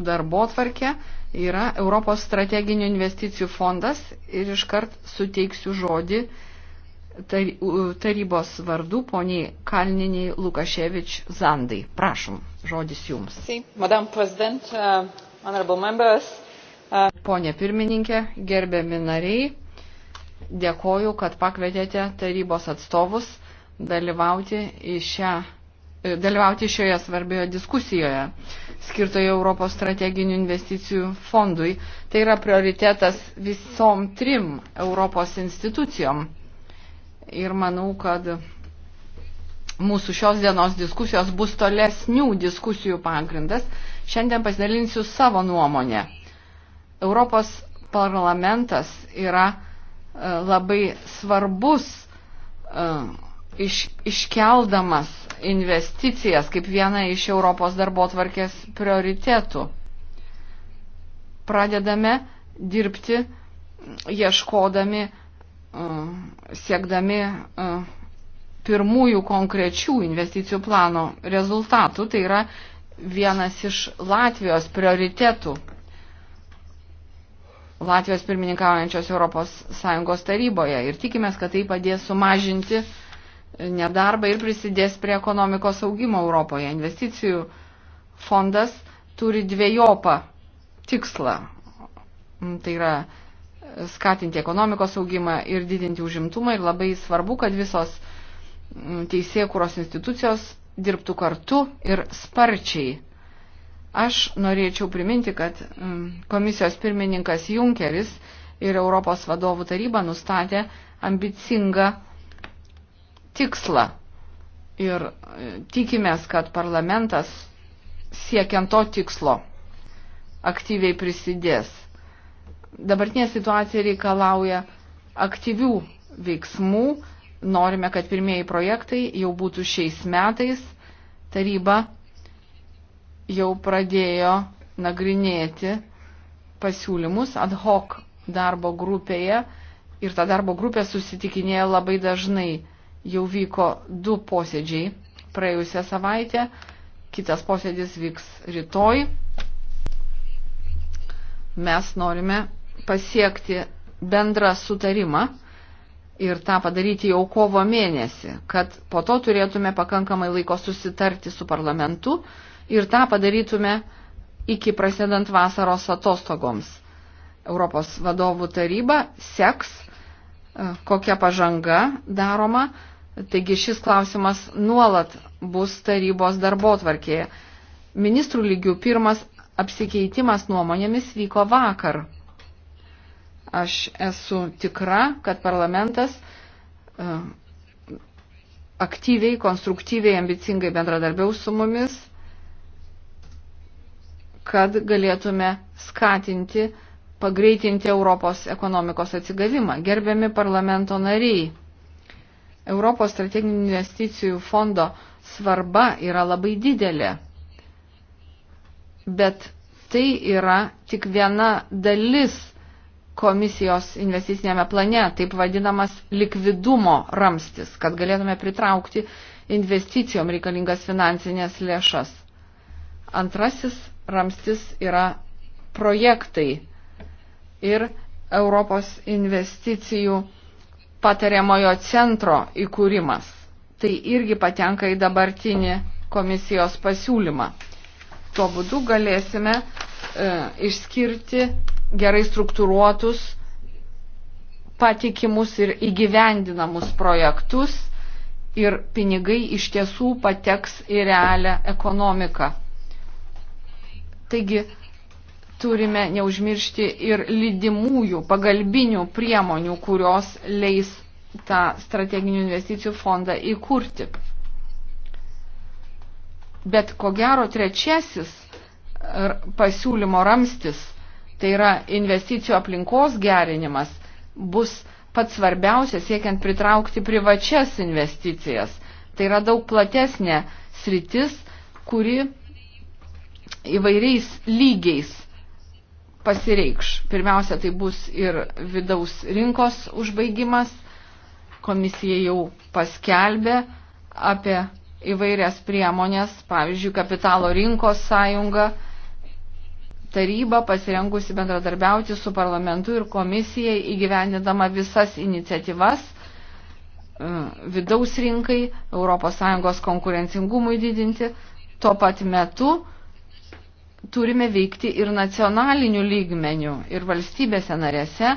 darbo tvarkė yra Europos strateginių investicijų fondas ir iškart suteiksiu žodį tarybos vardu poniai Kalniniai Lukaševič Zandai. Prašom, žodis jums. Uh, uh, Pone pirmininkė, gerbiami nariai, dėkoju, kad pakvietėte tarybos atstovus dalyvauti į šią dalyvauti šioje svarbioje diskusijoje skirtoje Europos strateginių investicijų fondui. Tai yra prioritetas visom trim Europos institucijom. Ir manau, kad mūsų šios dienos diskusijos bus tolesnių diskusijų pagrindas. Šiandien pasidalinsiu savo nuomonę. Europos parlamentas yra e, labai svarbus e, iš, iškeldamas investicijas kaip vieną iš Europos darbo tvarkės prioritetų. Pradedame dirbti ieškodami, e, siekdami e, pirmųjų konkrečių investicijų plano rezultatų. Tai yra vienas iš Latvijos prioritetų. Latvijos pirmininkaujančios ES taryboje ir tikimės, kad tai padės sumažinti uh, nedarbą ir prisidės prie ekonomikos augimo Europoje. Investicijų fondas turi dviejopą tikslą. Mm, tai yra skatinti ekonomikos augimą ir didinti užimtumą ir labai svarbu, kad visos mm, teisėkuros institucijos dirbtų kartu ir sparčiai. Aš norėčiau priminti, kad mm, komisijos pirmininkas Junkeris ir Europos vadovų taryba nustatė ambicingą tikslą. Ir e, tikimės, kad parlamentas siekiant to tikslo aktyviai prisidės. Dabartinė situacija reikalauja aktyvių veiksmų. Norime, kad pirmieji projektai jau būtų šiais metais. Taryba jau pradėjo nagrinėti pasiūlymus ad hoc darbo grupėje ir ta darbo grupė susitikinėja labai dažnai jau vyko du posėdžiai praėjusią savaitę, kitas posėdis vyks rytoj. Mes norime pasiekti bendrą sutarimą ir tą padaryti jau kovo mėnesį, kad po to turėtume pakankamai laiko susitarti su parlamentu ir tą padarytume iki prasidant vasaros atostogoms. Europos vadovų taryba seks, e, kokia pažanga daroma Taigi šis klausimas nuolat bus tarybos darbo tvarkėje. Ministrų lygių pirmas apsikeitimas nuomonėmis vyko vakar. Aš esu tikra, kad parlamentas e, aktyviai, konstruktyviai, ambicingai bendradarbiaus su mumis, kad galėtume skatinti, pagreitinti Europos ekonomikos atsigavimą. Gerbiami parlamento nariai. Europos strateginių investicijų fondo svarba yra labai didelė. Bet tai yra tik viena dalis komisijos investicinėme plane, taip vadinamas likvidumo ramstis, kad galėtume pritraukti investicijom reikalingas finansinės lėšas. Antrasis ramstis yra projektai ir Europos investicijų patariamojo centro įkūrimas. Tai irgi patenka į dabartinį komisijos pasiūlymą. Tuo būdu galėsime e, išskirti gerai struktūruotus, patikimus ir įgyvendinamus projektus ir pinigai iš tiesų pateks į realią ekonomiką. Taigi turime neužmiršti ir lydimųjų pagalbinių priemonių, kurios leis tą strateginių investicijų fondą įkurti. Bet ko gero trečiasis er, pasiūlymo ramstis, tai yra investicijų aplinkos gerinimas, bus pats svarbiausias siekiant pritraukti privačias investicijas. Tai yra daug platesnė sritis, kuri įvairiais lygiais pasireikš. Pirmiausia, tai bus ir vidaus rinkos užbaigimas. Komisija jau paskelbė apie įvairias priemonės, pavyzdžiui, kapitalo rinkos sąjunga. Taryba pasirengusi bendradarbiauti su parlamentu ir komisijai įgyvendindama visas iniciatyvas e, vidaus rinkai, ES konkurencingumui didinti. Tuo pat metu turime veikti ir nacionaliniu lygmeniu, ir valstybėse narėse,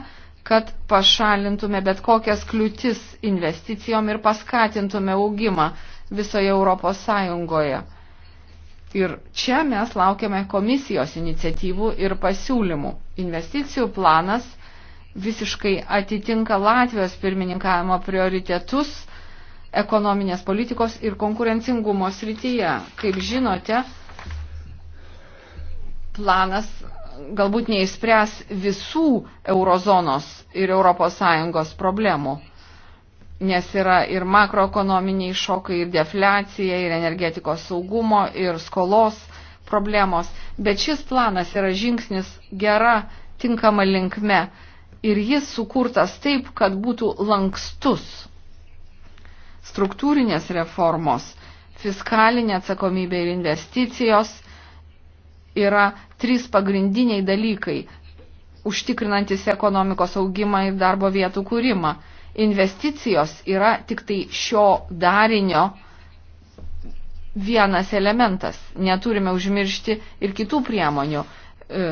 kad pašalintume bet kokias kliūtis investicijom ir paskatintume augimą visoje Europos Sąjungoje. Ir čia mes laukiame komisijos iniciatyvų ir pasiūlymų. Investicijų planas visiškai atitinka Latvijos pirmininkavimo prioritetus ekonominės politikos ir konkurencingumo srityje. Kaip žinote, planas galbūt neįspręs visų eurozonos ir ES problemų, nes yra ir makroekonominiai šokai, ir defliacija, ir energetikos saugumo, ir skolos problemos, bet šis planas yra žingsnis gera, tinkama linkme ir jis sukurtas taip, kad būtų lankstus. Struktūrinės reformos, fiskalinė atsakomybė ir investicijos – yra trys pagrindiniai dalykai, užtikrinantis ekonomikos augimą ir darbo vietų kūrimą. Investicijos yra tik tai šio darinio vienas elementas. Neturime užmiršti ir kitų priemonių e,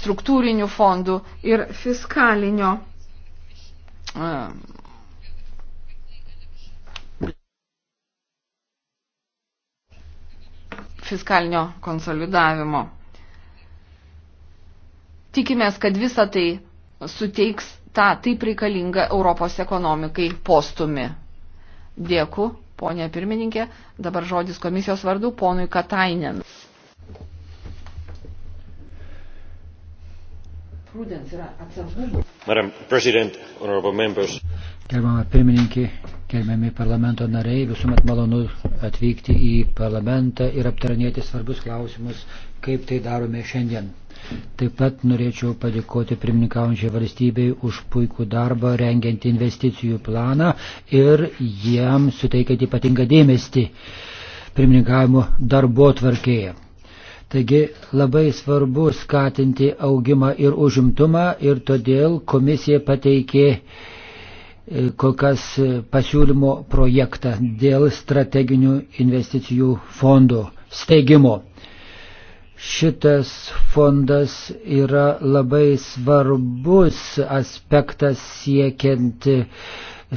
struktūrinių fondų ir fiskalinio e, fiskalinio konsolidavimo. Tikimės, kad visa tai suteiks tą taip reikalingą Europos ekonomikai postumi. Dėku, ponė pirmininkė, dabar žodis komisijos vardu ponui Katainen. prudence yra atsargumas. Madam President, honorable members. Gerbama pirmininkė, gerbiami parlamento nariai, visuomet malonu atvykti į parlamentą ir aptaranėti svarbus klausimus, kaip tai darome šiandien. Taip pat norėčiau padėkoti pirmininkaujančiai valstybei už puikų darbą rengiant investicijų planą ir jam suteikiant ypatingą dėmesį pirmininkavimo darbo tvarkėje. Taigi labai svarbu skatinti augimą ir užimtumą ir todėl komisija pateikė e, kol kas e, pasiūlymo projektą dėl strateginių investicijų fondo steigimo. Šitas fondas yra labai svarbus aspektas siekiant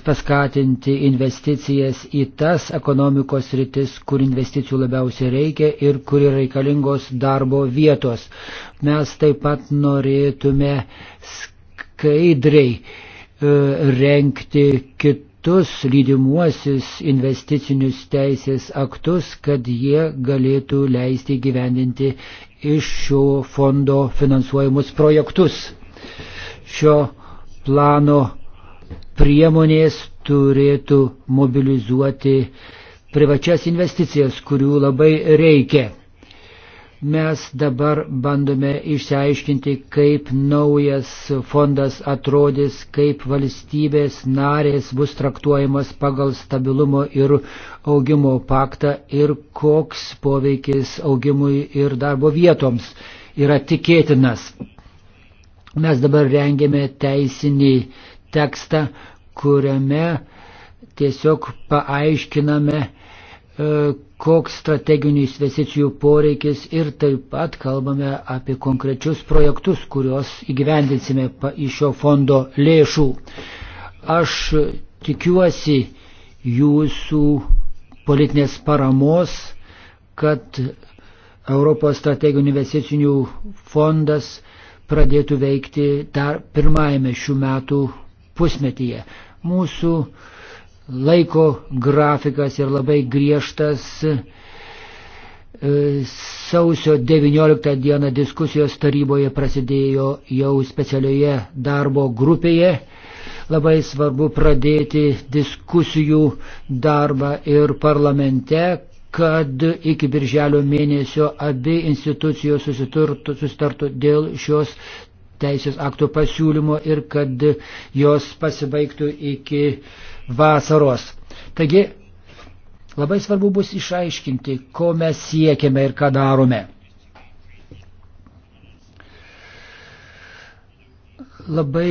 paskatinti investicijas į tas ekonomikos rytis, kur investicijų labiausiai reikia ir kur yra reikalingos darbo vietos. Mes taip pat norėtume skaidriai e, renkti kitus lydimuosius investicinius teisės aktus, kad jie galėtų leisti gyvendinti iš šio fondo finansuojamus projektus. Šio plano priemonės turėtų mobilizuoti privačias investicijas, kurių labai reikia. Mes dabar bandome išsiaiškinti, kaip naujas fondas atrodys, kaip valstybės narės bus traktuojamas pagal stabilumo ir augimo paktą ir koks poveikis augimui ir darbo vietoms yra tikėtinas. Mes dabar rengėme teisinį uh, tekstą, kuriame tiesiog paaiškiname, e, koks strateginių investicijų poreikis ir taip pat kalbame apie konkrečius projektus, kuriuos įgyvendinsime iš šio fondo lėšų. Aš tikiuosi jūsų politinės paramos, kad Europos strateginių investicinių fondas pradėtų veikti dar pirmajame šių metų pusmetyje. Mūsų laiko grafikas ir labai griežtas. E, sausio 19 dieną diskusijos taryboje prasidėjo jau specialioje darbo grupėje. Labai svarbu pradėti diskusijų darbą ir parlamente, kad iki birželio mėnesio abi institucijos susitartų dėl šios teisės aktų pasiūlymo ir kad jos pasibaigtų iki vasaros. Taigi, labai svarbu bus išaiškinti, ko mes siekiame ir ką darome. Labai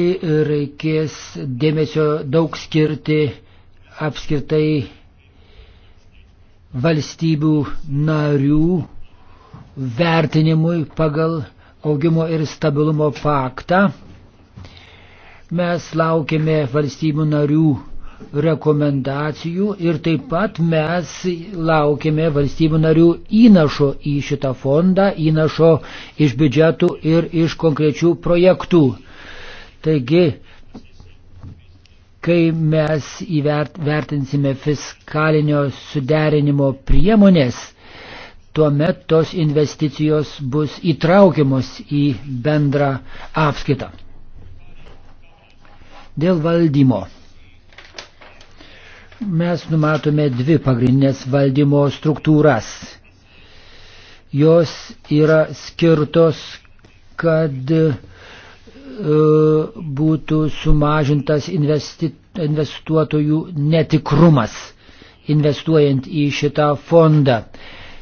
reikės dėmesio daug skirti apskritai valstybių narių vertinimui pagal augimo ir stabilumo paktą, mes laukėme valstybių narių rekomendacijų ir taip pat mes laukėme valstybių narių įnašo į šitą fondą, įnašo iš biudžetų ir iš konkrečių projektų. Taigi, kai mes įvertinsime fiskalinio suderinimo priemonės, tuomet tos investicijos bus įtraukiamos į bendrą apskaitą. Dėl valdymo. Mes numatome dvi pagrindinės valdymo struktūras. Jos yra skirtos, kad e, būtų sumažintas investuotojų netikrumas investuojant į šitą fondą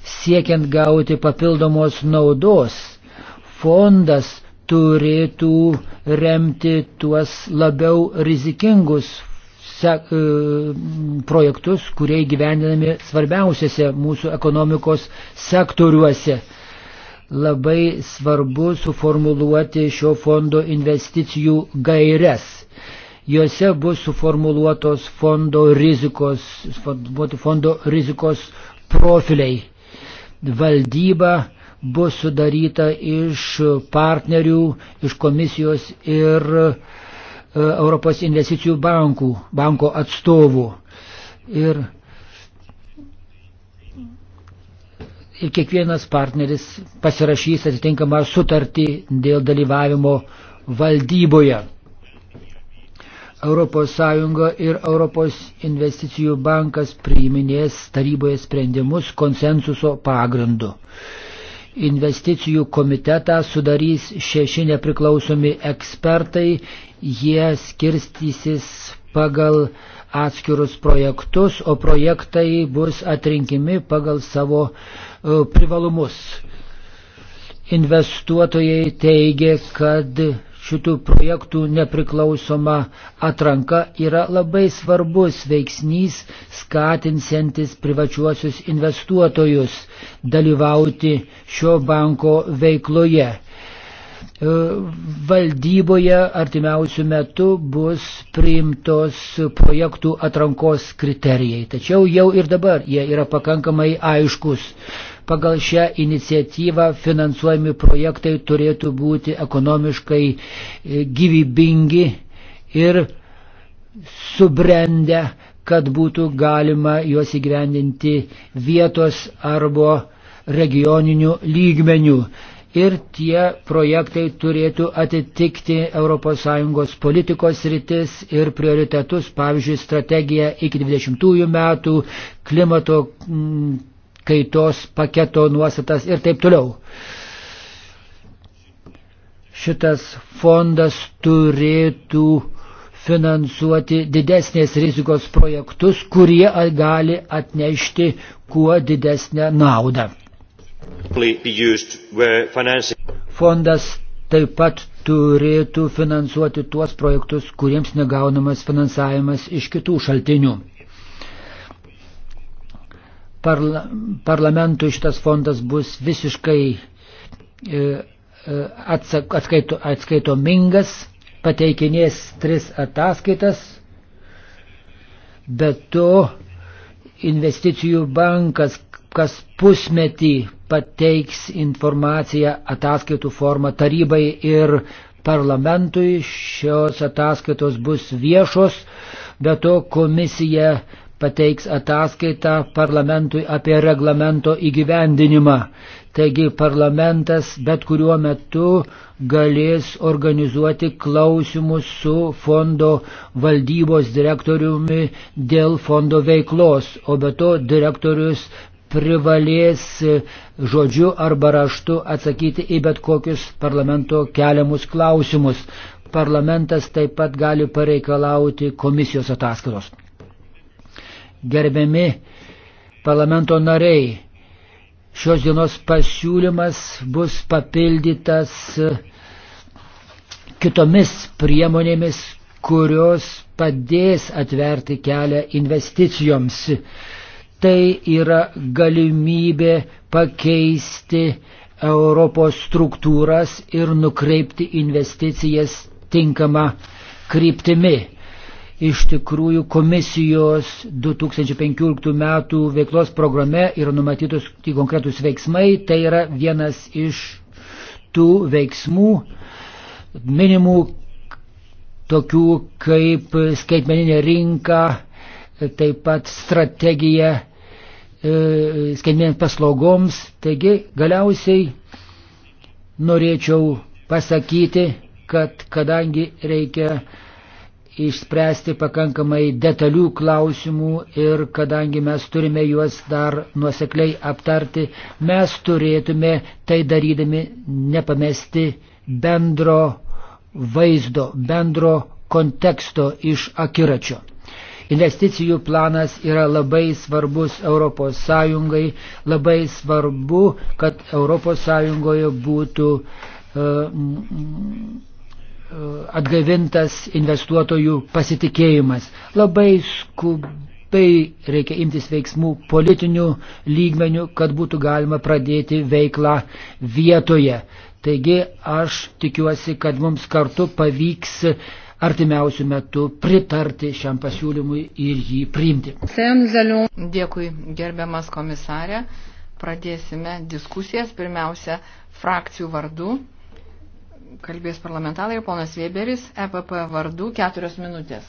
siekiant gauti papildomos naudos. Fondas turėtų remti tuos labiau rizikingus sek, e, projektus, kurie gyvendinami svarbiausiose mūsų ekonomikos sektoriuose. Labai svarbu suformuluoti šio fondo investicijų gairias. Jose bus suformuluotos fondo rizikos, fondo rizikos profiliai valdyba bus sudaryta iš partnerių, iš komisijos ir e, Europos investicijų bankų, banko atstovų. Ir, ir kiekvienas partneris pasirašys atitinkamą sutartį dėl dalyvavimo valdyboje. ES ir Europos investicijų bankas priiminės taryboje sprendimus konsensuso pagrindu. Investicijų komitetą sudarys šeši nepriklausomi ekspertai, jie skirstysis pagal atskirus projektus, o projektai bus atrinkimi pagal savo e, privalumus. Investuotojai teigia, kad šitų projektų nepriklausoma atranka yra labai svarbus veiksnys skatinsiantis privačiuosius investuotojus dalyvauti šio banko veikloje. E, valdyboje artimiausių metų bus priimtos projektų atrankos kriterijai, tačiau jau ir dabar jie yra pakankamai aiškus. Pagal šią iniciatyvą finansuojami projektai turėtų būti ekonomiškai e, gyvybingi ir subrendę, kad būtų galima juos įgyvendinti vietos arba regioninių lygmenių ir tie projektai turėtų atitikti ES politikos rytis ir prioritetus, pavyzdžiui, strategiją iki 20 metų, klimato kaitos paketo nuostatas ir taip toliau. Šitas fondas turėtų finansuoti didesnės rizikos projektus, kurie gali atnešti kuo didesnę naudą. Fondas taip pat turėtų finansuoti tuos projektus, kuriems negaunamas finansavimas iš kitų šaltinių parla, parlamentui šitas fondas bus visiškai e, e, atsak, atskaito, atskaitomingas, pateikinės tris ataskaitas, bet to investicijų bankas kas pusmetį pateiks informaciją ataskaitų formą tarybai ir parlamentui. Šios ataskaitos bus viešos, bet to komisija pateiks ataskaitą parlamentui apie reglamento įgyvendinimą. Taigi parlamentas bet kuriuo metu galės organizuoti klausimus su fondo valdybos direktoriumi dėl fondo veiklos, o be to direktorius privalės žodžiu arba raštu atsakyti į bet kokius parlamento keliamus klausimus. Parlamentas taip pat gali pareikalauti komisijos ataskaitos gerbiami parlamento nariai. Šios dienos pasiūlymas bus papildytas e, kitomis priemonėmis, kurios padės atverti kelią investicijoms. Tai yra galimybė pakeisti Europos struktūras ir nukreipti investicijas tinkama kryptimi. Iš tikrųjų, komisijos 2015 metų veiklos programe yra numatytos konkretus veiksmai. Tai yra vienas iš tų veiksmų minimų tokių kaip skaitmeninė rinka, taip pat strategija e, skaitmeninėms paslaugoms. Taigi galiausiai norėčiau pasakyti, kad kadangi reikia išspręsti pakankamai detalių klausimų ir kadangi mes turime juos dar nuosekliai aptarti, mes turėtume tai darydami nepamesti bendro vaizdo, bendro konteksto iš akiračio. Investicijų planas yra labai svarbus ES, labai svarbu, kad ES būtų uh, E, atgaivintas investuotojų pasitikėjimas. Labai skubiai reikia imtis veiksmų politinių lygmenių, kad būtų galima pradėti veiklą vietoje. Taigi aš tikiuosi, kad mums kartu pavyks artimiausių metų pritarti šiam pasiūlymui ir jį priimti. Dėkui, gerbiamas komisarė. Pradėsime diskusijas pirmiausia frakcijų vardu kalbės parlamentarai, ponas Weberis, EPP vardu, keturios minutės.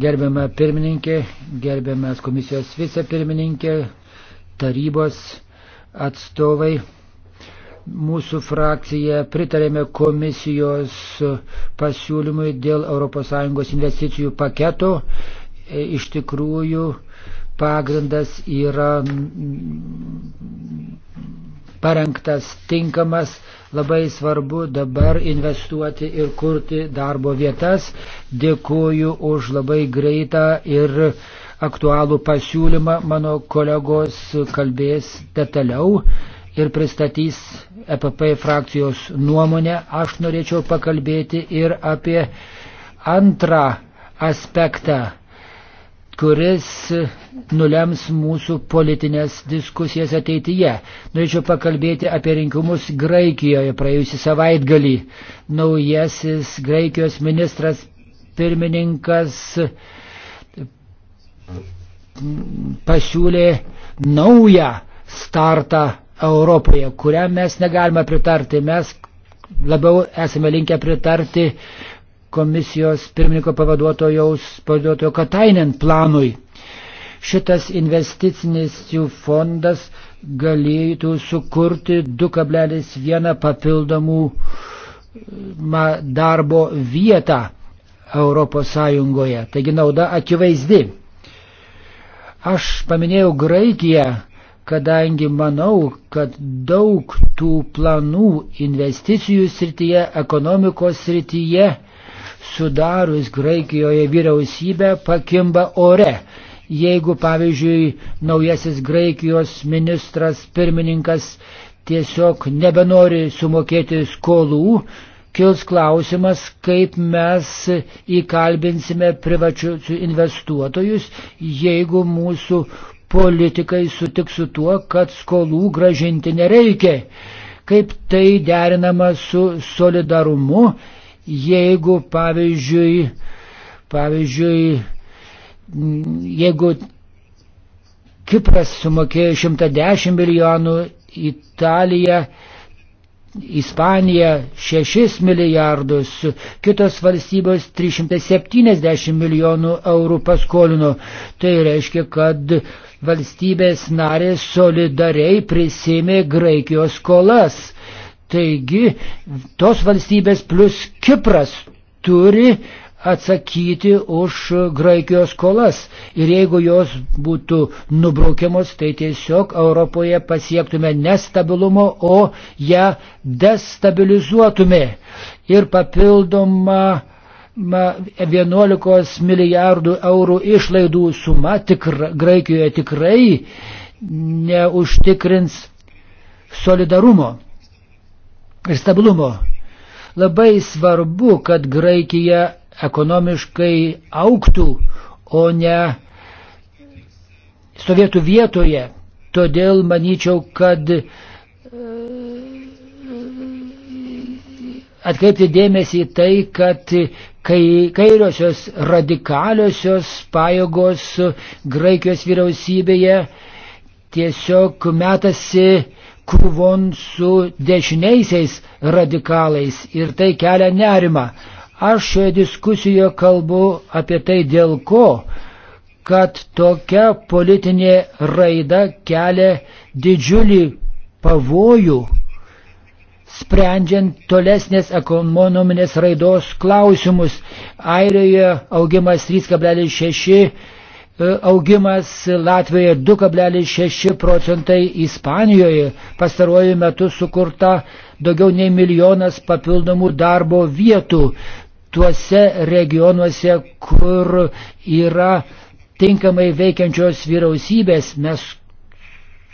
Gerbiama pirmininkė, gerbiamas komisijos vicepirmininkė, tarybos atstovai. Mūsų frakcija pritarėme komisijos pasiūlymui dėl ES investicijų paketo. E, iš tikrųjų, pagrindas yra parengtas tinkamas Labai svarbu dabar investuoti ir kurti darbo vietas. Dėkuoju už labai greitą ir aktualų pasiūlymą. Mano kolegos kalbės detaliau ir pristatys EPP frakcijos nuomonę. Aš norėčiau pakalbėti ir apie antrą aspektą kuris nulems mūsų politinės diskusijas ateityje. Norėčiau pakalbėti apie rinkimus Graikijoje praėjusį savaitgalį. Naujasis Graikijos ministras pirmininkas pasiūlė naują startą Europoje, kuriam mes negalime pritarti. Mes labiau esame linkę pritarti komisijos pirmininko pavaduotojaus pavaduotojo Katainen planui. Šitas investicinis jų fondas galėtų sukurti 2,1 papildomų darbo vietą Europos Sąjungoje. Taigi nauda akivaizdi. Aš paminėjau Graikiją, kadangi manau, kad daug tų planų investicijų srityje, ekonomikos srityje sudarius Graikijoje vyriausybę pakimba ore. Jeigu, pavyzdžiui, naujasis Graikijos ministras, pirmininkas tiesiog nebenori sumokėti skolų, kils klausimas, kaip mes įkalbinsime privačius investuotojus, jeigu mūsų politikai sutiks su tuo, kad skolų gražinti nereikia. Kaip tai derinama su solidarumu jeigu, pavyzdžiui, pavyzdžiui, jeigu Kipras sumokėjo 110 milijonų, Italija, Ispanija 6 milijardus, kitos valstybės 370 milijonų eurų paskolino. Tai reiškia, kad valstybės narės solidariai prisėmė Graikijos skolas. Taigi tos valstybės plus Kipras turi atsakyti už Graikijos skolas. Ir jeigu jos būtų nubraukiamos, tai tiesiog Europoje pasiektume nestabilumo, o ją destabilizuotume. Ir papildoma 11 milijardų eurų išlaidų suma tikra, Graikijoje tikrai neužtikrins solidarumo ir stabilumo. Labai svarbu, kad Graikija ekonomiškai auktų, o ne stovėtų vietoje. Todėl manyčiau, kad e, atkreipti dėmesį į tai, kad kai kairiosios radikaliosios pajėgos Graikijos vyriausybėje tiesiog metasi krūvon su dešiniaisiais radikalais ir tai kelia nerimą. Aš šioje diskusijoje kalbu apie tai dėl ko, kad tokia politinė raida kelia didžiulį pavojų, sprendžiant tolesnės ekonominės raidos klausimus. Airijoje augimas 3,6 E, augimas Latvijoje 2,6 procentai, Ispanijoje pastaruoju metu sukurta daugiau nei milijonas papildomų darbo vietų tuose regionuose, kur yra tinkamai veikiančios vyriausybės, mes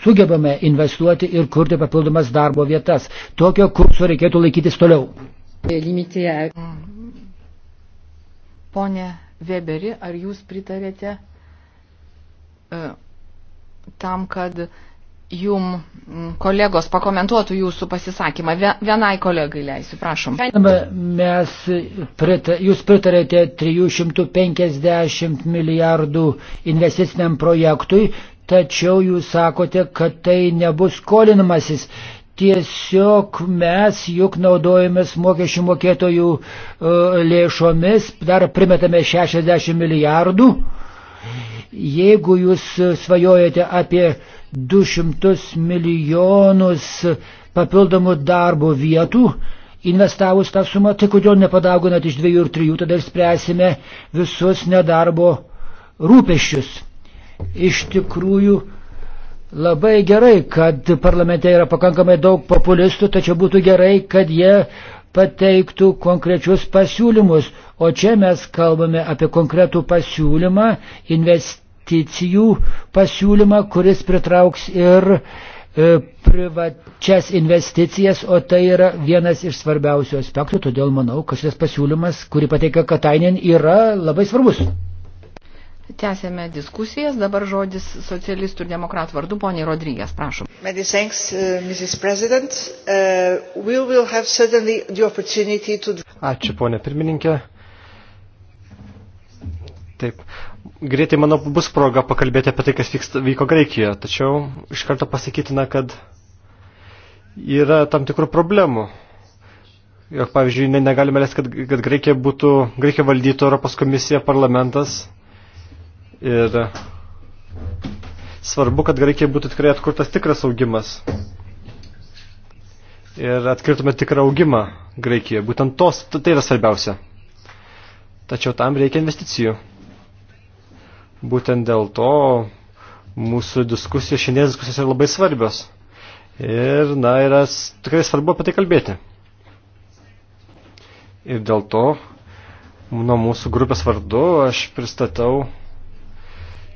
sugebame investuoti ir kurti papildomas darbo vietas. Tokio kurso reikėtų laikytis toliau. Pone Weberi, ar jūs pritarėte E, tam, kad jum kolegos pakomentuotų jūsų pasisakymą. Vienai kolegai leisiu, prašom. Mes pritar, jūs pritarėte 350 milijardų investiciniam projektui, tačiau jūs sakote, kad tai nebus skolinimasis. Tiesiog mes juk naudojamės mokesčių mokėtojų e, lėšomis, dar primetame 60 milijardų Jeigu jūs svajojate apie 200 milijonus papildomų darbo vietų, investavus tą sumą, tai kodėl nepadagonat iš dviejų ir trijų, tada ir spręsime visus nedarbo rūpeščius. Iš tikrųjų, labai gerai, kad parlamente yra pakankamai daug populistų, tačiau būtų gerai, kad jie pateiktų konkrečius pasiūlymus. O čia mes kalbame apie konkretų pasiūlymą invest, investicijų pasiūlymą, kuris pritrauks ir e, privačias investicijas, o tai yra vienas iš svarbiausių aspektų, todėl manau, kad šis pasiūlymas, kurį pateikia Katainin, yra labai svarbus. Tęsėme diskusijas, dabar žodis socialistų ir demokratų vardu, poniai Rodrygės, prašom. Many thanks, uh, Mrs. President. Uh, we will have certainly the opportunity to... Ačiū, ponė pirmininkė. Taip, Greitai, manau, bus proga pakalbėti apie tai, kas vyksta, vyko Graikijoje, tačiau iš karto pasakytina, kad yra tam tikrų problemų. Jok, pavyzdžiui, ne, negalime leisti, kad, kad Graikija būtų, Graikija valdytų Europos komisija, parlamentas. Ir svarbu, kad Graikija būtų tikrai atkurtas tikras augimas. Ir atkirtume tikrą augimą Graikijoje. Būtent tos, tai yra svarbiausia. Tačiau tam reikia investicijų. Būtent dėl to mūsų diskusijos šiandien diskusijos yra labai svarbios. Ir, na, yra tikrai svarbu apie tai kalbėti. Ir dėl to, nuo mūsų grupės vardu, aš pristatau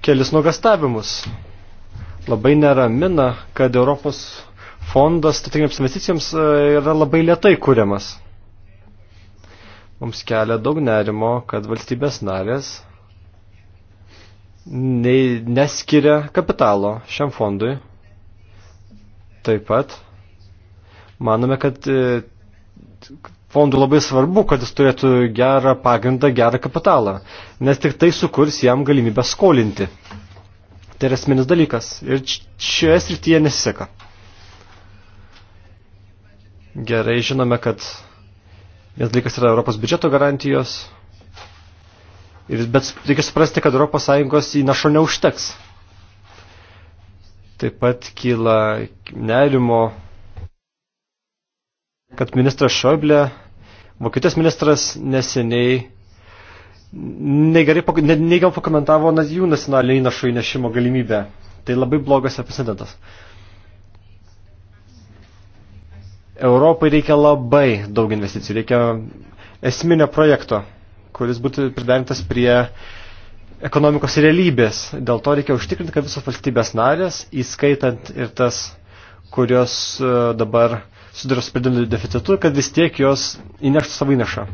kelis nuogastavimus. Labai neramina, kad Europos fondas strateginėms investicijoms e, yra labai lietai kūriamas. Mums kelia daug nerimo, kad valstybės narės neskiria kapitalo šiam fondui. Taip pat manome, kad e, fondų labai svarbu, kad jis turėtų gerą pagrindą, gerą kapitalą, nes tik tai sukurs jam galimybę skolinti. Tai yra esminis dalykas ir šioje srityje nesiseka. Gerai žinome, kad vienas dalykas yra Europos biudžeto garantijos, Ir, bet reikia suprasti, kad ES įnašo neužteks. Taip pat kyla nerimo, kad ministras Šoiblė, Vokietijos ministras neseniai negerai neigiam pakomentavo jų nacionalinio įnašo įnešimo galimybę. Tai labai blogas precedentas. Europai reikia labai daug investicijų, reikia esminio projekto kuris būtų pridarintas prie ekonomikos realybės. Dėl to reikia užtikrinti, kad visos valstybės narės, įskaitant ir tas, kurios e, dabar sudarė su pridėliu deficitu, kad vis tiek jos įneštų savo įnešą.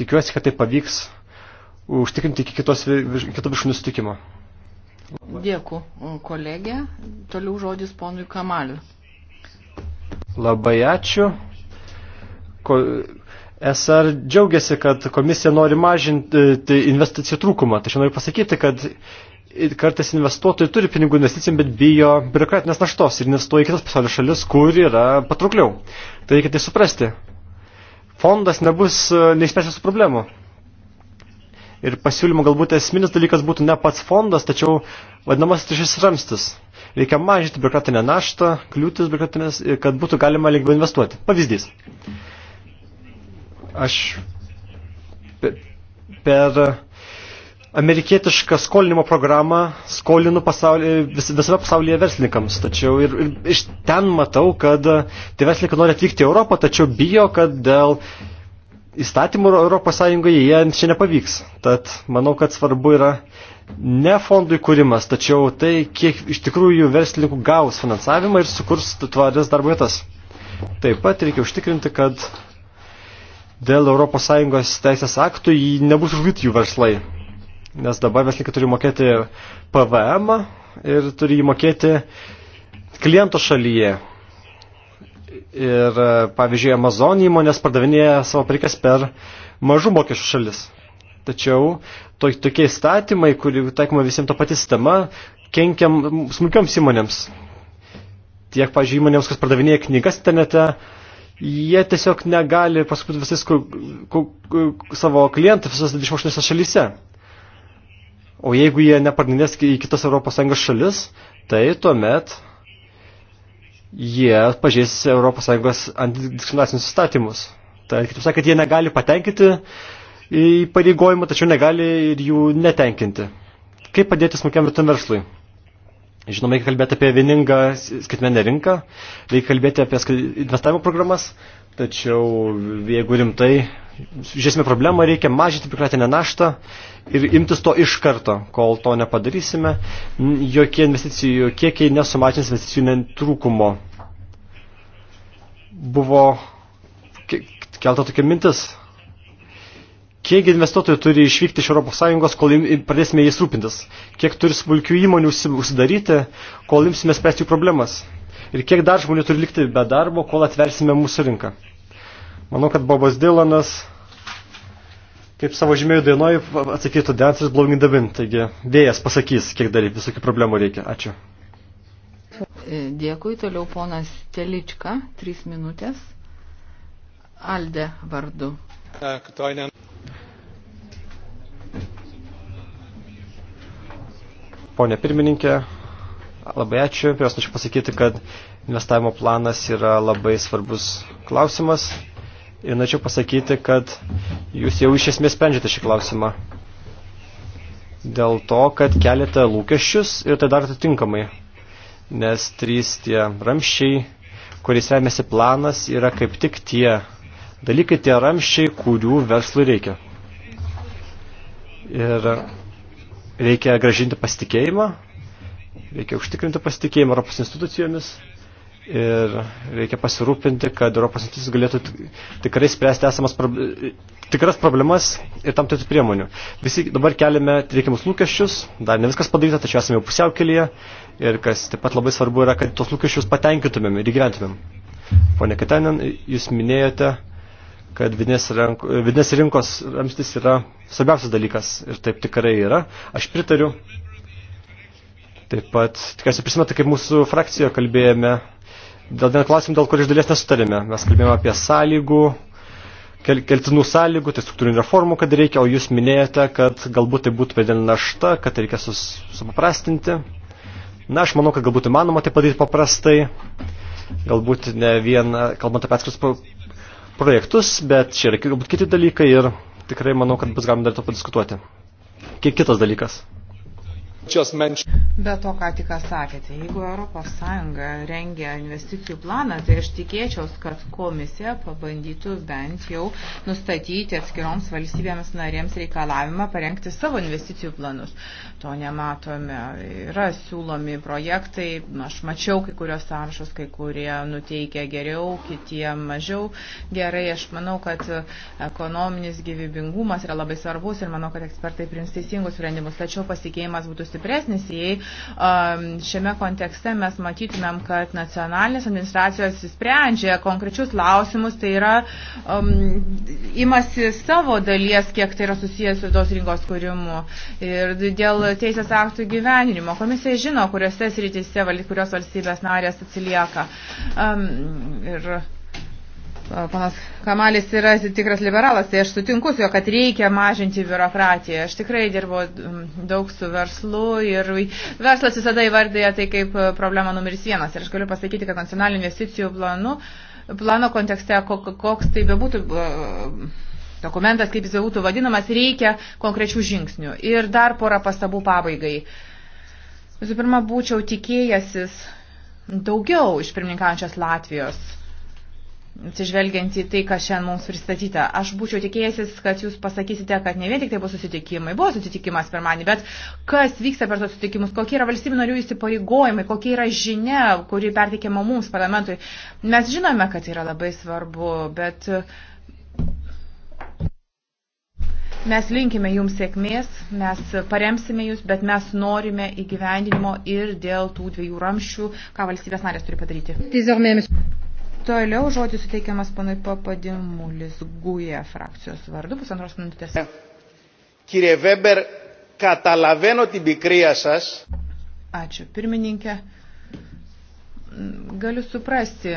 Tikiuosi, kad tai pavyks užtikrinti iki kitos, kito viršūnių sutikimo. Dėkui, kolegė. Toliau žodis ponui Kamaliu. Labai ačiū. Ko, SR džiaugiasi, kad komisija nori mažinti e, investicijų trūkumą. Tačiau noriu pasakyti, kad kartais investuotojai turi pinigų investicijom, bet bijo biurokratinės naštos ir investuoja į kitas pasaulio šalis, kur yra patraukliau. Tai reikia tai suprasti. Fondas nebus e, neišspręsęs su problemu. Ir pasiūlymo galbūt esminis dalykas būtų ne pats fondas, tačiau vadinamasis šis ramstis. Reikia mažinti biurokratinę naštą, kliūtis biurokratinės, kad būtų galima lengviau investuoti. Pavyzdys. Mm Aš per amerikietišką skolinimo programą skolinu pasaulį, vis, visame pasaulyje verslininkams. Tačiau ir, ir iš ten matau, kad tie verslininkai nori atvykti į Europą, tačiau bijo, kad dėl įstatymų Europos Sąjungoje jie čia nepavyks. Tad manau, kad svarbu yra ne fondų įkūrimas, tačiau tai, kiek iš tikrųjų verslininkų gaus finansavimą ir sukurs tvarias darbo vietas. Taip pat reikia užtikrinti, kad dėl ES teisės aktų nebus užvyti jų verslai. Nes dabar verslininkai turi mokėti PVM ir turi jį mokėti kliento šalyje. Ir pavyzdžiui, Amazon įmonės pardavinėja savo prekes per mažų mokesčių šalis. Tačiau to, tokie įstatymai, kurių taikoma visiems to pati sistema, kenkiam smulkioms įmonėms. Tiek, pavyzdžiui, įmonėms, kas pardavinėja knygas internete, jie tiesiog negali pasakyti visais ku, ku, ku, savo klientų visose 28 šalyse. O jeigu jie nepardinės į kitas ES šalis, tai tuomet jie pažeis ES antidiskriminacinius įstatymus. Tai kitaip sakant, jie negali patenkinti įpareigojimą, tačiau negali ir jų netenkinti. Kaip padėti smulkiam vietam verslui? Žinoma, reikia kalbėti apie vieningą skaitmenę rinką, reikia kalbėti apie investavimo programas, tačiau jeigu rimtai, žiūrėsime problemą, reikia mažinti biurokratinę naštą ir imtis to iš karto, kol to nepadarysime, jokie investicijų kiekiai nesumažins investicijų trūkumo. Buvo kelta tokia mintis, Kiek investuotojų turi išvykti iš ES, kol pradėsime jais rūpintis? Kiek turi smulkių įmonių užsidaryti, kol imsime spręsti jų problemas? Ir kiek dar žmonių turi likti be darbo, kol atversime mūsų rinką? Manau, kad Bobas Dylanas, kaip savo žymėjų dainoj, atsakytų Dances Blowing the Wind. Taigi vėjas pasakys, kiek dar visokių problemų reikia. Ačiū. E, dėkui, toliau ponas Telička, trys minutės. Alde vardu. Kutainen. Pone pirmininkė, labai ačiū. Pirmiausia, norėčiau pasakyti, kad investavimo planas yra labai svarbus klausimas. Ir norėčiau pasakyti, kad jūs jau iš esmės sprendžiate šį klausimą. Dėl to, kad keliate lūkesčius ir tai darote tinkamai. Nes trys tie ramščiai, kuris remiasi planas, yra kaip tik tie dalykai, tie ramščiai, kurių verslui reikia. Ir Reikia gražinti pasitikėjimą, reikia užtikrinti pasitikėjimą Europos institucijomis ir reikia pasirūpinti, kad Europos institucijos galėtų tikrai spręsti esamas tikras problemas ir tam turėtų priemonių. Visi dabar keliame reikiamus lūkesčius, dar ne viskas padaryta, tačiau esame jau pusiaukelėje ir kas taip pat labai svarbu yra, kad tos lūkesčius patenkintumėm ir įgyventumėm. Pone Katainen, jūs minėjote kad vidinės, rank, vidinės rinkos ramstis yra svarbiausias dalykas ir taip tikrai yra. Aš pritariu. Taip pat, tikriausiai prisimeta, kaip mūsų frakcijoje kalbėjome dėl vieno klausimų, dėl kur iš dalies nesutarėme. Mes kalbėjome apie sąlygų, kel, keltinų sąlygų, tai struktūrinių reformų, kad reikia, o jūs minėjote, kad galbūt tai būtų per našta, kad tai reikia sus, supaprastinti. Na, aš manau, kad galbūt įmanoma tai padaryti paprastai, galbūt ne vien, kalbant apie atskirus projektus, bet čia yra galbūt kiti dalykai ir tikrai manau, kad bus galima dar to padiskutuoti. Kiek kitas dalykas. Be to, ką tik sakėte, jeigu ES rengia investicijų planą, tai aš tikėčiaus, kad komisija pabandytų bent jau nustatyti atskiroms valstybėms narėms reikalavimą parengti savo investicijų planus. To nematome. Yra siūlomi projektai, aš mačiau kai kurios sąrašus, kai kurie nuteikia geriau, kitie mažiau gerai. Aš manau, kad ekonominis gyvybingumas yra labai svarbus ir manau, kad ekspertai prims teisingus sprendimus, tačiau pasikeimas būtų stipresnis, jei šiame kontekste mes matytumėm, kad nacionalinės administracijos sprendžia konkrečius klausimus, tai yra um, imasi savo dalies, kiek tai yra susijęs su tos rinkos kūrimu ir dėl teisės aktų gyvenimo. Komisija žino, kuriuose srityse, kurios valstybės narės atsilieka. Um, ir Panas Kamalis yra tikras liberalas, tai aš sutinku su jo, kad reikia mažinti biurokratiją. Aš tikrai dirbu daug su verslu ir verslas visada įvardėja tai kaip e, problema numeris vienas. Ir aš galiu pasakyti, kad nacionalinių investicijų planu, plano kontekste, koks tai bebūtų e, dokumentas, kaip jis bebūtų vadinamas, reikia konkrečių žingsnių. Ir dar porą pastabų pabaigai. Visų pirma, būčiau tikėjęsis daugiau iš pirmininkaujančios Latvijos atsižvelgiant į tai, kas šiandien mums pristatyta. Aš būčiau tikėjęsis, kad jūs pasakysite, kad ne vien tik tai buvo susitikimai, buvo susitikimas pirmąjį, bet kas vyksta per tos susitikimus, kokie yra valstybių narių įsipareigojimai, kokia yra žinia, kuri pertikėma mums, parlamentui. Mes žinome, kad tai yra labai svarbu, bet mes linkime jums sėkmės, mes paremsime jūs, bet mes norime įgyvendinimo ir dėl tų dviejų ramščių, ką valstybės narės turi padaryti. Toliau žodis suteikiamas panui Papadimulis Gūje frakcijos vardu, pusantros minutės. Kyrie Weber, καταλαβαίνω την πικρία σας. Ačiū, pirmininkė. Galiu suprasti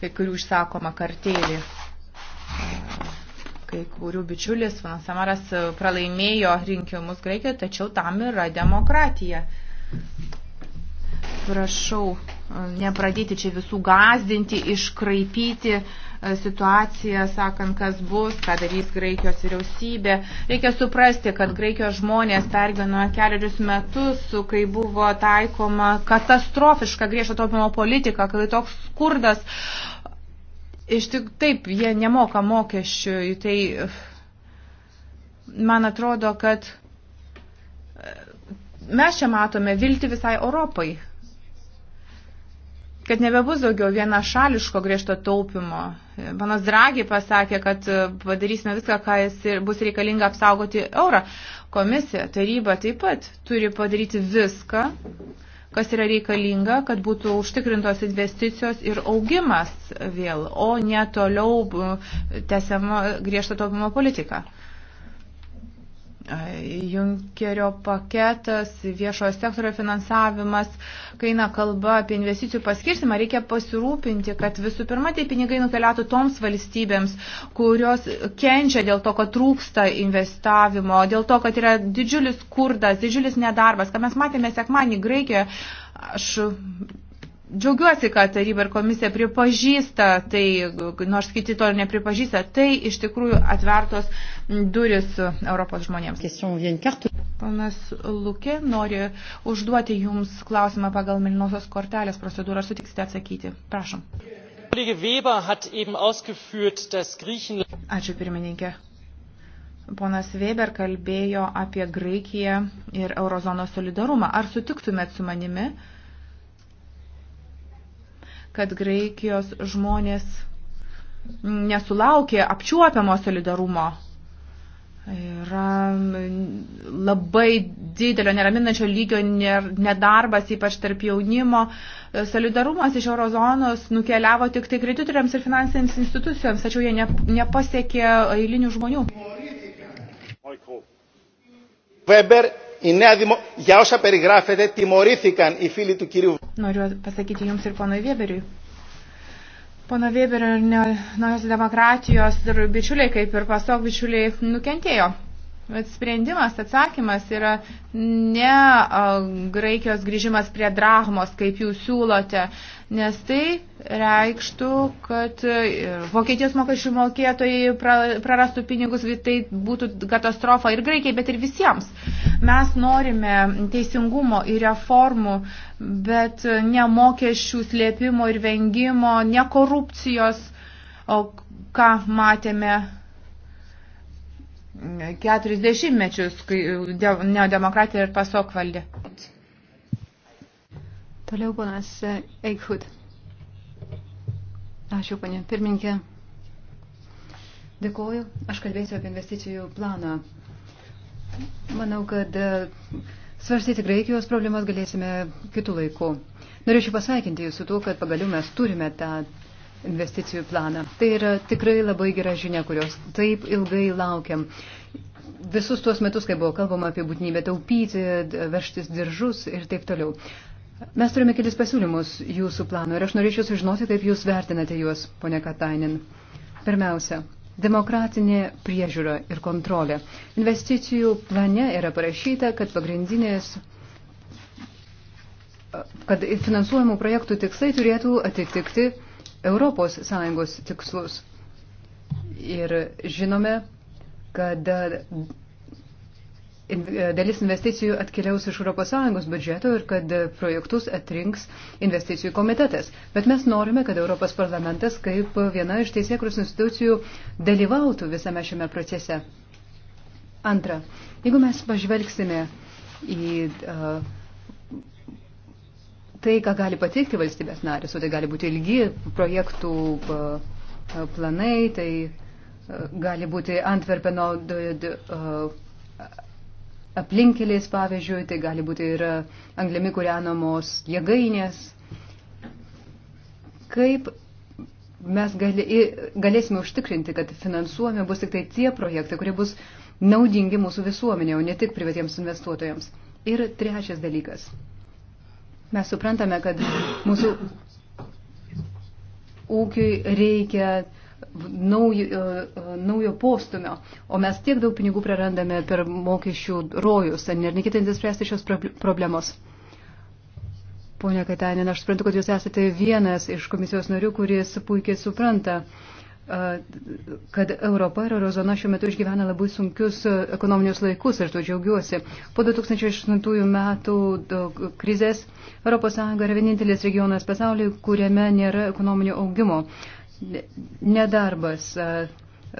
kai kurių išsakoma kartėlį. Kai kurių bičiulis, Vanas Samaras, pralaimėjo rinkimus Graikijoje, tačiau tam yra demokratija. Prašau nepradėti čia visų gazdinti, iškraipyti e, situaciją, sakant, kas bus, ką darys Graikijos vyriausybė. Reikia suprasti, kad Graikijos žmonės pergyveno keliarius metus, kai buvo taikoma katastrofiška griežto taupimo politika, kai toks skurdas. Iš tik taip, jie nemoka mokesčių, tai man atrodo, kad e, mes čia matome viltį visai Europai kad nebebus daugiau vienašališko griežto taupimo. Panas Dragi pasakė, kad e, padarysime viską, ką jis bus reikalinga apsaugoti eurą. Komisija, taryba taip pat turi padaryti viską, kas yra reikalinga, kad būtų užtikrintos investicijos ir augimas vėl, o ne toliau e, tęsiama griežto taupimo politika. Junkerio paketas, viešojo sektorio finansavimas, kai eina kalba apie investicijų paskirstimą, reikia pasirūpinti, kad visų pirma tie pinigai nukeliautų toms valstybėms, kurios kenčia dėl to, kad trūksta investavimo, dėl to, kad yra didžiulis skurdas, didžiulis nedarbas, ką mes matėme sekmanį Graikijoje. Aš Džiaugiuosi, kad taryba ir komisija pripažįsta, tai nors kiti to nepripažįsta, tai iš tikrųjų atvertos duris Europos žmonėms. Panas Lukė nori užduoti Jums klausimą pagal Milinosios kortelės procedūrą. Sutiksite atsakyti. Prašom. Ačiū pirmininkė. Ponas Weber kalbėjo apie Graikiją ir eurozonos solidarumą. Ar sutiktumėt su manimi? kad Graikijos žmonės nesulaukė apčiuopiamo solidarumo. Yra labai didelio neraminančio lygio nedarbas, ypač tarp jaunimo. Solidarumas iš eurozonos nukeliavo tik tai kreditoriams ir finansinėms institucijoms, tačiau jie nepasiekė eilinių žmonių. Weber Η νέα δημο... Για όσα περιγράφεται, τιμωρήθηκαν οι φίλοι του κυρίου. Noriu pasakyti jums ir ponui Weberiui. Pono Weberio ir naujos demokratijos ir bičiuliai, kaip ir pasok bičiuliai, nukentėjo. Sprendimas, atsakymas yra ne Graikijos grįžimas prie drachmos, kaip jūs siūlote, nes tai reikštų, kad e, Vokietijos mokesčių mokėtojai prarastų pinigus, tai būtų katastrofa ir Graikijai, bet ir visiems. Mes norime teisingumo ir reformų, bet ne mokesčių slėpimo ir vengimo, ne korupcijos, o ką matėme 40-mečius, kai neodemokratija ir pasok valdė. Toliau ponas Eichhut. Ačiū, ponė pirmininkė. Dėkuoju. Aš kalbėsiu apie investicijų planą. Manau, kad e, svarstyti Graikijos problemas galėsime kitų laikų. Norėčiau pasveikinti jūsų tuo, kad pagaliau mes turime tą investicijų planą. Tai yra tikrai labai gera žinia, kurios taip ilgai laukiam. Visus tuos metus, kai buvo kalbama apie būtinybę taupyti, verštis diržus ir taip toliau. Mes turime kelis pasiūlymus jūsų plano ir aš norėčiau sužinoti, kaip jūs vertinate juos, ponė Katainin. Pirmiausia, demokratinė priežiūra ir kontrolė. Investicijų plane yra parašyta, kad pagrindinės kad finansuojamų projektų tikslai turėtų atitikti ES tikslus. Ir žinome, kad e, dalis investicijų atkeliaus iš ES biudžeto ir kad projektus atrinks investicijų komitetas. Bet mes norime, kad Europos parlamentas kaip viena iš teisėkros institucijų dalyvautų visame šiame procese. Antra, jeigu mes pažvelgsime į uh, tai, ką gali pateikti valstybės narės, o tai gali būti ilgi projektų planai, tai gali būti Antverpeno aplinkeliais, pavyzdžiui, tai gali būti ir anglimi kūrenamos jėgainės. Kaip mes gali, galėsime užtikrinti, kad finansuojami bus tik tai tie projektai, kurie bus naudingi mūsų visuomenė, o ne tik privatiems investuotojams. Ir trečias dalykas. Mes suprantame, kad mūsų ūkiui reikia naujo, e, e, naujo postumio, o mes tiek daug pinigų prarandame per mokesčių rojus, ar nekitintis spręsti šios problemos. Pone Katanin, aš suprantu, kad jūs esate vienas iš komisijos narių, kuris puikiai supranta, uh, kad Europa ir Eurozona šiuo metu išgyvena labai sunkius ekonominius laikus, aš to džiaugiuosi. Po 2008 metų krizės ES yra vienintelis regionas pasaulyje, kuriame nėra ekonominio augimo. Nedarbas,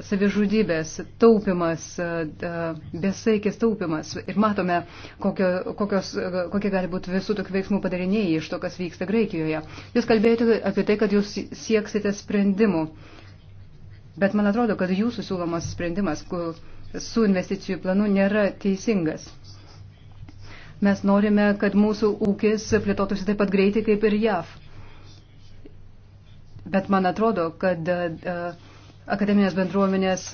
savižudybės, taupimas, besaikis taupimas. Ir matome, kokio, kokios, kokie gali būti visų tokių veiksmų padariniai iš to, kas vyksta Graikijoje. Jūs kalbėjote apie tai, kad jūs sieksite sprendimų. Bet man atrodo, kad jūsų siūlomas sprendimas su investicijų planu nėra teisingas. Mes norime, kad mūsų ūkis plėtotųsi taip pat greitai kaip ir JAV. Bet man atrodo, kad akademinės bendruomenės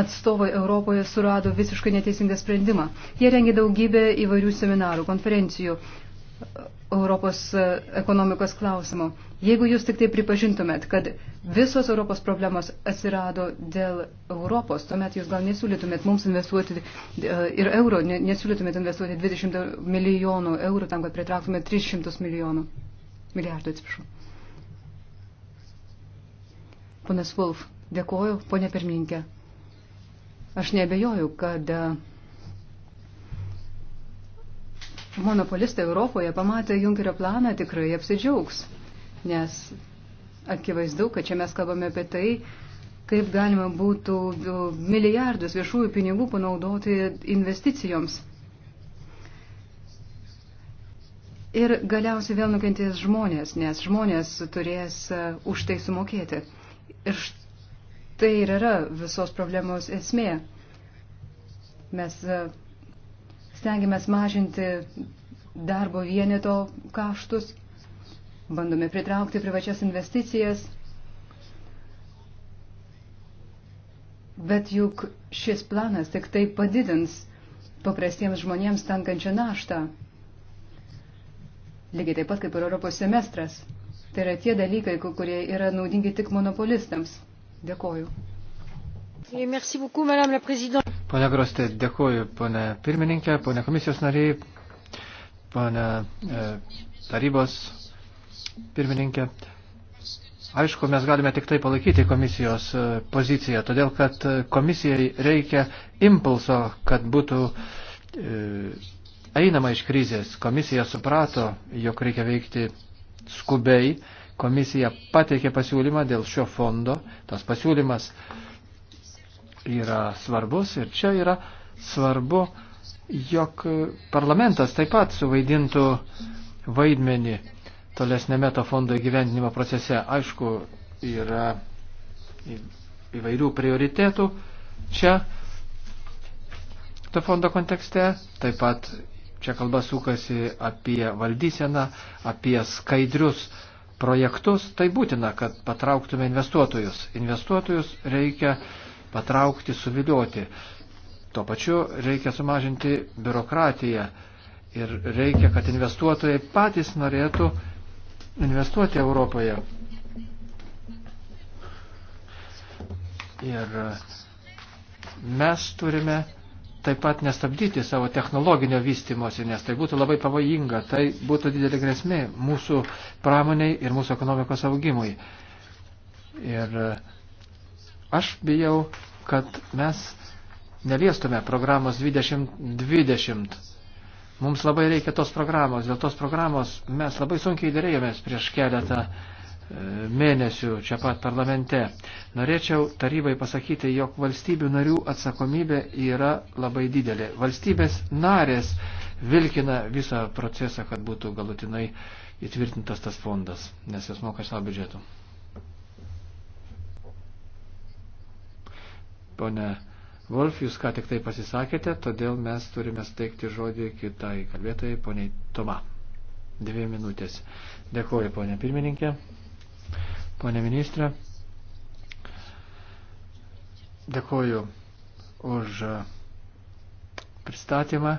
atstovai Europoje surado visiškai neteisingą sprendimą. Jie rengė daugybę įvairių seminarų, konferencijų, Europos e, ekonomikos klausimų. Jeigu jūs tik tai pripažintumėt, kad visos Europos problemos atsirado dėl Europos, tuomet jūs gal nesiūlytumėt mums investuoti e, ir eurų, nesiūlytumėt investuoti 20 milijonų eurų tam, kad pritrauktumėt 300 milijonų. Milijardų, atsiprašau. Ponas Wolf, dėkoju, ponė pirmininkė. Aš nebejoju, kad e, monopolistai Europoje pamatę Junkerio planą tikrai apsidžiaugs, nes akivaizdu, kad čia mes kalbame apie tai, kaip galima būtų milijardus viešųjų pinigų panaudoti investicijoms. Ir galiausiai vėl nukentės žmonės, nes žmonės turės e, už tai sumokėti. Ir tai ir yra visos problemos esmė. Mes e, stengiamės mažinti darbo vieneto kaštus, bandome pritraukti privačias investicijas, bet juk šis planas tik tai padidins paprastiems žmonėms tenkančią naštą. Lygiai taip pat kaip ir Europos semestras. Tai yra tie dalykai, kurie yra naudingi tik monopolistams. Dėkoju. Pone Grostė, dėkuoju, pone pirmininkė, pone komisijos nariai, pone e, tarybos pirmininkė. Aišku, mes galime tik tai palaikyti komisijos e, poziciją, todėl kad komisijai reikia impulso, kad būtų e, einama iš krizės. Komisija suprato, jog reikia veikti skubiai. Komisija pateikė pasiūlymą dėl šio fondo. Tas pasiūlymas e, yra svarbus ir čia yra svarbu, jog parlamentas taip pat suvaidintų vaidmenį tolesnėme to fondo įgyvendinimo procese. Aišku, yra įvairių prioritėtų čia to fondo kontekste, taip pat čia kalba sukasi apie valdyseną, apie skaidrius projektus, tai būtina, kad patrauktume investuotojus. Investuotojus reikia uh, patraukti, suvilioti. Tuo pačiu reikia sumažinti biurokratiją ir reikia, kad investuotojai patys norėtų investuoti Europoje. Ir mes turime taip pat nestabdyti savo technologinio vystimosi, nes tai būtų labai pavojinga, tai būtų didelė grėsmė mūsų pramoniai ir mūsų ekonomikos augimui. Ir Aš bijau, kad mes neliestume programos 2020. Mums labai reikia tos programos. Dėl tos programos mes labai sunkiai dėrėjomės prieš keletą e, mėnesių čia pat parlamente. Norėčiau tarybai pasakyti, jog valstybių narių atsakomybė yra labai didelė. Valstybės narės vilkina visą procesą, kad būtų galutinai įtvirtintas tas fondas, nes jis moka savo biudžetu. Pone Wolf, jūs ką tik tai pasisakėte, todėl mes turime steigti žodį kitai kalbėtojai, poniai Toma. Dvi minutės. Dėkuoju, ponė pirmininkė, ponė ministrė. Dėkuoju už pristatymą.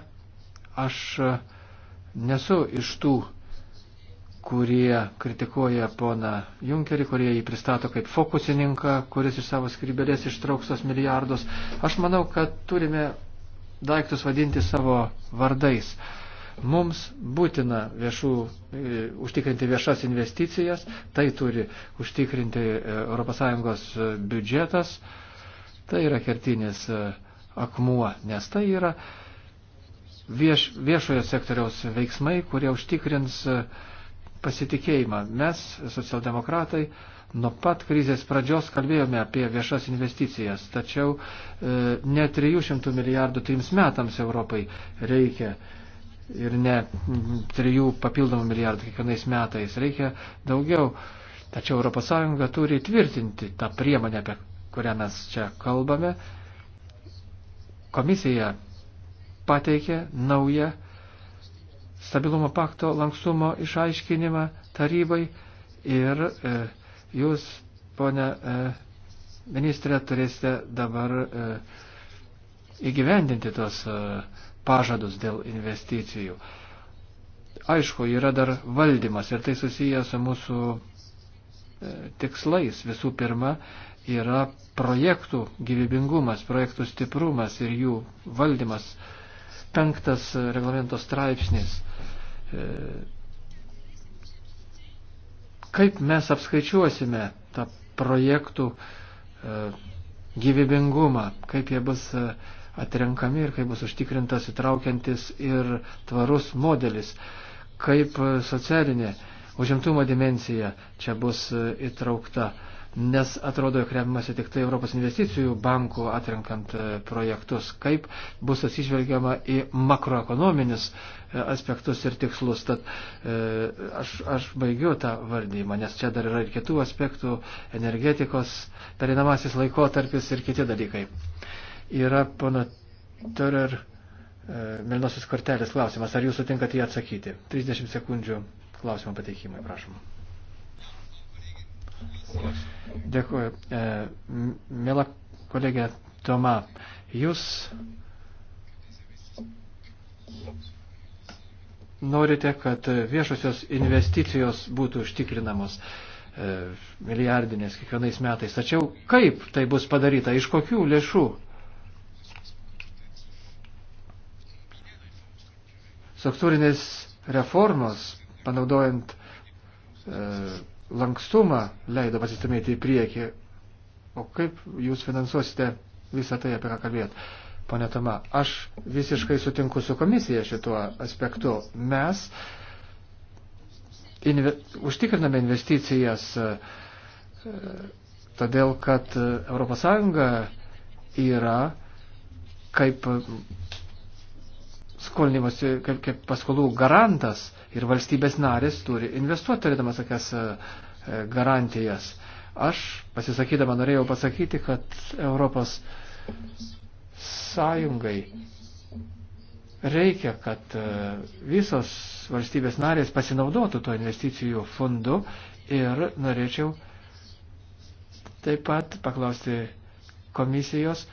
Aš nesu iš tų kurie kritikuoja poną Junkerį, kurie jį pristato kaip fokusininką, kuris iš savo skrybelės ištrauksos milijardus. Aš manau, kad turime daiktus vadinti savo vardais. Mums būtina viešų, e, užtikrinti viešas investicijas, tai turi užtikrinti ES e, biudžetas, tai yra kertinis e, akmuo, nes tai yra vieš, viešojo sektoriaus veiksmai, kurie užtikrins e, pasitikėjimą. Mes, socialdemokratai, nuo pat krizės pradžios kalbėjome apie viešas investicijas, tačiau e, ne 300 milijardų trims metams Europai reikia ir ne 3 papildomų milijardų kiekvienais metais, reikia daugiau. Tačiau ES turi tvirtinti tą priemonę, apie kurią mes čia kalbame. Komisija pateikė naują stabilumo pakto lankstumo išaiškinimą tarybai ir e, jūs, ponė e, ministrė, turėsite dabar e, įgyvendinti tos e, pažadus dėl investicijų. Aišku, yra dar valdymas ir tai susiję su mūsų e, tikslais. Visų pirma, yra projektų gyvybingumas, projektų stiprumas ir jų valdymas. Penktas e, reglamento straipsnis E, kaip mes apskaičiuosime tą projektų e, gyvybingumą, kaip jie bus e, atrenkami ir kaip bus užtikrintas įtraukiantis ir tvarus modelis, kaip socialinė užimtumo dimensija čia bus įtraukta nes atrodo, jog remiamasi tik tai Europos investicijų bankų atrenkant e, projektus, kaip bus atsižvelgiama į makroekonominis e, aspektus ir tikslus. Tad e, aš, aš baigiu tą valdymą, nes čia dar yra ir kitų aspektų, energetikos, perinamasis laikotarpis ir kiti dalykai. Yra pono Turer Milnosios kortelės klausimas, ar jūs sutinkate jį atsakyti? 30 sekundžių klausimą pateikimai, prašom. Dėkuoju. E, Mėla kolegė Toma, jūs norite, kad viešosios investicijos būtų užtikrinamos e, milijardinės kiekvienais metais. Tačiau kaip tai bus padaryta, iš kokių lėšų? Struktūrinės reformos, panaudojant e, lankstumą leido pasistumėti į priekį. O kaip jūs finansuosite visą tai, apie ką kalbėt? Pone Toma, aš visiškai sutinku su komisija šituo aspektu. Mes inve užtikriname investicijas e, todėl, kad ES yra kaip skolinimuose kaip, kaip paskolų garantas ir valstybės narės turi investuoti turėdamas tokias e, e, garantijas. Aš pasisakydama norėjau pasakyti, kad Europos sąjungai reikia, kad e, visos valstybės narės pasinaudotų to investicijų fondu ir norėčiau taip pat paklausti komisijos,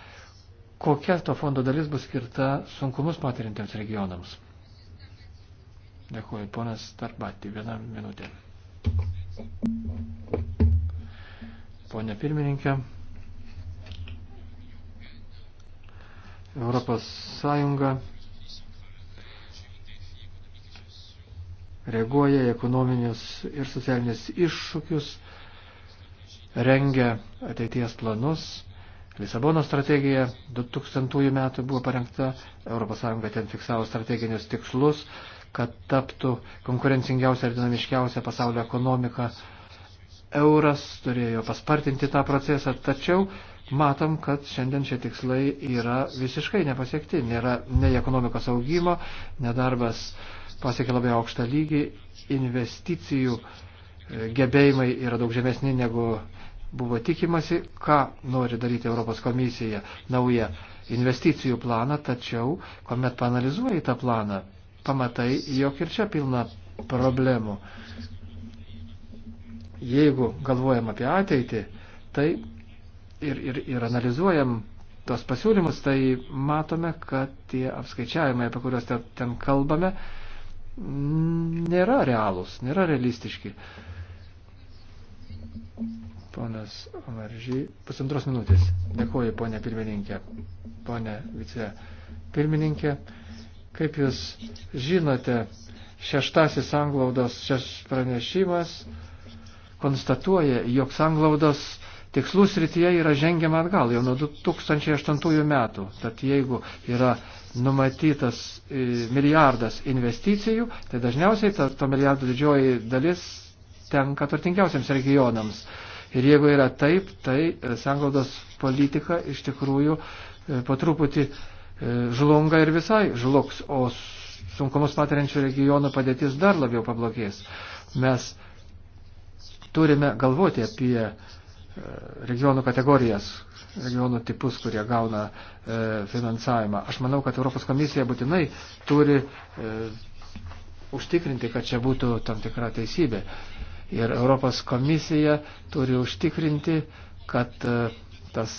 kokia to fondo dalis bus skirta sunkumus patirintiems regionams. Dėkuoju, ponas Tarbatį, vieną minutę. Pone pirmininkė, Europos Sąjunga reaguoja į ekonominius ir socialinius iššūkius, rengia ateities planus Lisabono strategija 2000 metų buvo parengta, ES ten fiksavo strateginius tikslus, kad taptų konkurencingiausia ir dinamiškiausia pasaulio ekonomika. Euras turėjo paspartinti tą procesą, tačiau matom, kad šiandien šie tikslai yra visiškai nepasiekti. Nėra nei ekonomikos augimo, nedarbas pasiekė labai aukštą lygį, investicijų e, gebėjimai yra daug žemesni negu buvo tikimasi, ką nori daryti Europos komisija nauja investicijų planą, tačiau, kuomet panalizuoji tą planą, pamatai, jog ir čia pilna problemų. Jeigu galvojam apie ateitį, tai ir, ir, ir analizuojam tos pasiūlymus, tai matome, kad tie apskaičiavimai, apie kuriuos ten kalbame, nėra realūs, nėra realistiški. Uh, Ponas Varžy, pusantros minutės. Dėkuoju, ponė pirmininkė. Ponė vice pirmininkė, kaip jūs žinote, šeštasis anglaudos šeš pranešimas konstatuoja, jog anglaudos tikslų srityje yra žengiama atgal jau nuo 2008 metų. Tad jeigu yra numatytas e, milijardas investicijų, tai dažniausiai to, to milijardo didžioji dalis tenka turtingiausiams regionams. Ir jeigu yra taip, tai e, sanglaudos politika iš tikrųjų e, po truputį e, žlunga ir visai žlugs, o sunkumus patiriančių regionų padėtis dar labiau pablogės. Mes turime galvoti apie regionų kategorijas, regionų tipus, kurie gauna e, finansavimą. Aš manau, kad Europos komisija būtinai turi e, užtikrinti, kad čia būtų tam tikra teisybė. E, ir Europos komisija turi užtikrinti, kad e, tas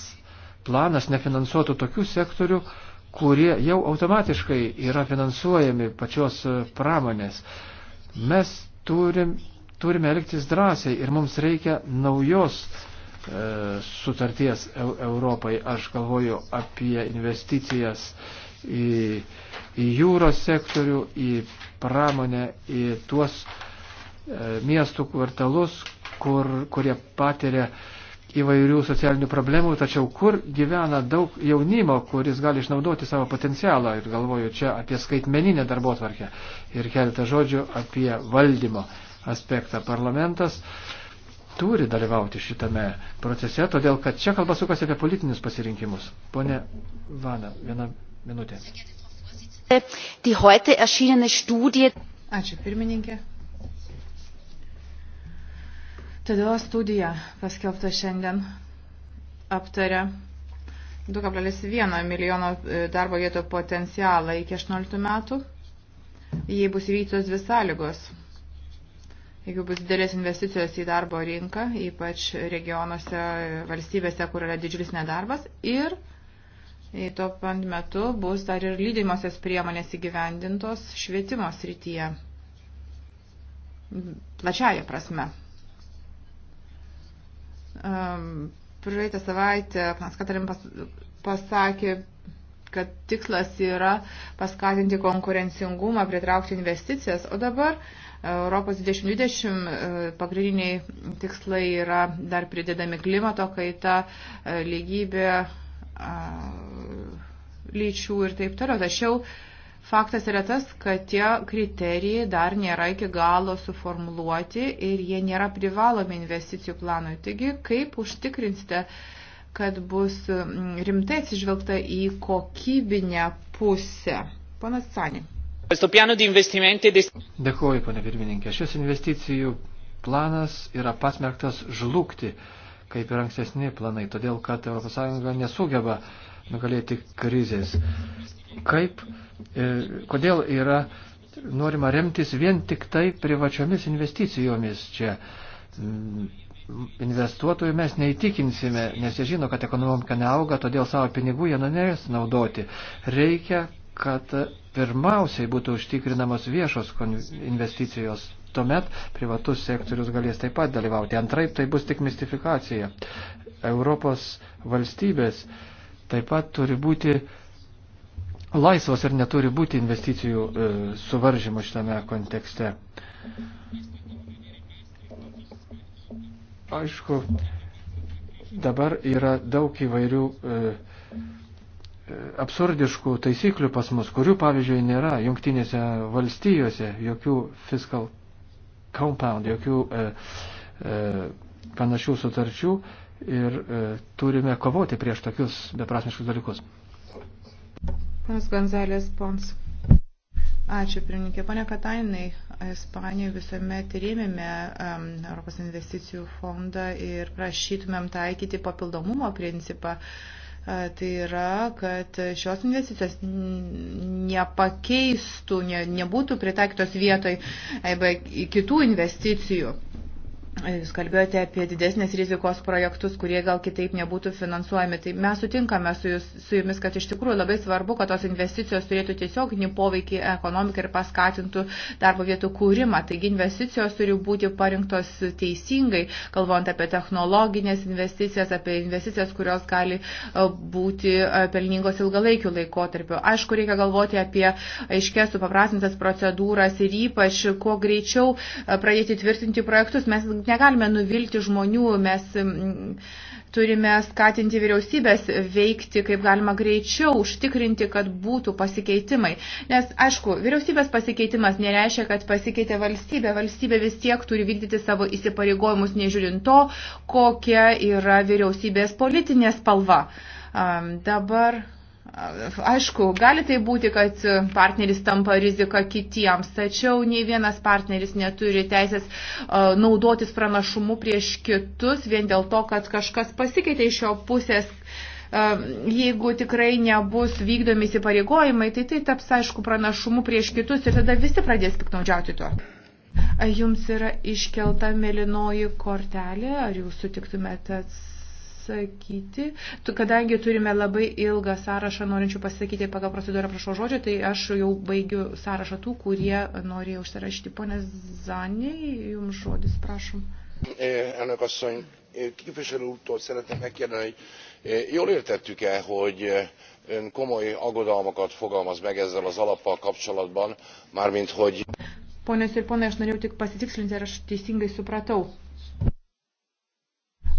planas nefinansuotų tokių sektorių, kurie jau automatiškai yra finansuojami pačios e, pramonės. Mes turim, turime elgtis drąsiai ir mums reikia naujos e, sutarties Europai. Aš galvoju apie investicijas į, į jūros sektorių, į pramonę, į tuos E, miestų kvartalus, kur, kurie patiria įvairių socialinių problemų, tačiau kur gyvena daug jaunimo, kuris gali išnaudoti savo potencialą. Ir galvoju čia apie skaitmeninę darbo tvarkę ir keletą žodžių apie valdymo aspektą. Parlamentas turi dalyvauti šitame procese, todėl kad čia kalba sukasi apie politinius pasirinkimus. Pone Vana, viena minutė. Ačiū pirmininkė. Todėl studija paskelbta šiandien aptarė 2,1 milijono e, darbo vietų potencialą iki 18 metų, jei bus įvyktos dvi sąlygos. Jeigu bus didelės investicijos į darbo rinką, ypač regionuose, valstybėse, kur yra didžiulis nedarbas, ir į e, to pant metu bus dar ir lydimosios priemonės įgyvendintos švietimo srityje. Plačiaja prasme. Um, Praeitą savaitę panas Katarin pas, pasakė, kad tikslas yra paskatinti konkurencingumą, pritraukti investicijas, o dabar e, Europos 2020 e, pagrindiniai tikslai yra dar pridedami klimato kaita, e, lygybė, lyčių ir taip toliau. Tačiau Faktas yra tas, kad tie kriterijai dar nėra iki galo suformuluoti ir jie nėra privalomi investicijų planui. Taigi, kaip užtikrinsite, kad bus mm, rimtai atsižvelgta į kokybinę pusę? Panas Sani. Dėkuoju, pane pirmininkė. Šis investicijų planas yra pasmerktas žlugti, kaip ir ankstesni planai, todėl kad ES nesugeba nugalėti krizės. Kaip E, kodėl yra norima remtis vien tik tai privačiomis investicijomis čia. Mm, investuotojų mes neįtikinsime, nes jie žino, kad ekonomika neauga, todėl savo pinigų jie nu nenorės naudoti. Reikia, kad pirmiausiai būtų užtikrinamos viešos investicijos. Tuomet privatus sektorius galės taip pat dalyvauti. Antraip tai bus tik mistifikacija. Europos valstybės taip pat turi būti laisvos ir neturi būti investicijų e, suvaržymų šitame kontekste. Aišku, dabar yra daug įvairių e, e, absurdiškų taisyklių pas mus, kurių pavyzdžiui nėra jungtinėse valstijose, jokių fiscal compound, jokių e, e, panašių sutarčių ir e, turime kovoti prieš tokius beprasmiškus dalykus. Panas Gonzalės Pons. Ačiū, pirmininkė. Pone Katainai, Ispanijoje visuomet rėmėme um, Europos investicijų fondą ir prašytumėm taikyti papildomumo principą. E, tai yra, kad šios investicijos nepakeistų, ne, nebūtų pritaikytos vietoj e, kitų investicijų. Jūs kalbėjote apie didesnės rizikos projektus, kurie gal kitaip nebūtų finansuojami. Tai mes sutinkame su, jūs, su jumis, kad iš tikrųjų labai svarbu, kad tos investicijos turėtų tiesioginį poveikį ekonomikai ir paskatintų darbo vietų kūrimą. Taigi investicijos turi būti parinktos teisingai, kalbant apie technologinės investicijas, apie investicijas, kurios gali e, būti e, pelningos ilgalaikių laikotarpių. Aišku, reikia galvoti apie aiškės supaprastintas procedūras ir ypač kuo greičiau e, pradėti tvirtinti projektus. Mes negalime nuvilti žmonių, mes turime skatinti vyriausybės veikti kaip galima greičiau, užtikrinti, kad būtų pasikeitimai. Nes, aišku, vyriausybės pasikeitimas nereiškia, kad pasikeitė valstybė. Valstybė vis tiek turi vykdyti savo įsipareigojimus, nežiūrint to, kokia yra vyriausybės politinė spalva. Um, dabar Aišku, gali tai būti, kad partneris tampa rizika kitiems, tačiau nei vienas partneris neturi teisės naudotis pranašumu prieš kitus vien dėl to, kad kažkas pasikeitė iš jo pusės. Jeigu tikrai nebus vykdomi įsipareigojimai, tai tai taps, aišku, pranašumu prieš kitus ir tada visi pradės piknaudžiauti tuo. Jums yra iškelta melinoji kortelė, ar jūs sutiktumėte atsakyti? pasisakyti. Kadangi turime labai ilgą sąrašą norinčių pasisakyti pagal procedūrą, prašau žodžio, tai aš jau baigiu sąrašą tų, kurie norėjo užsirašyti. Pone Zaniai, jums žodis, prašom. Eh, elnök asszony, eh, képviselő úrtól szeretném megkérdezni, hogy eh, jól értettük-e, hogy ön komoly aggodalmakat fogalmaz meg ezzel az alappal kapcsolatban, mármint hogy... Ponios ir ponai, aš norėjau tik pasitikslinti, ar aš teisingai supratau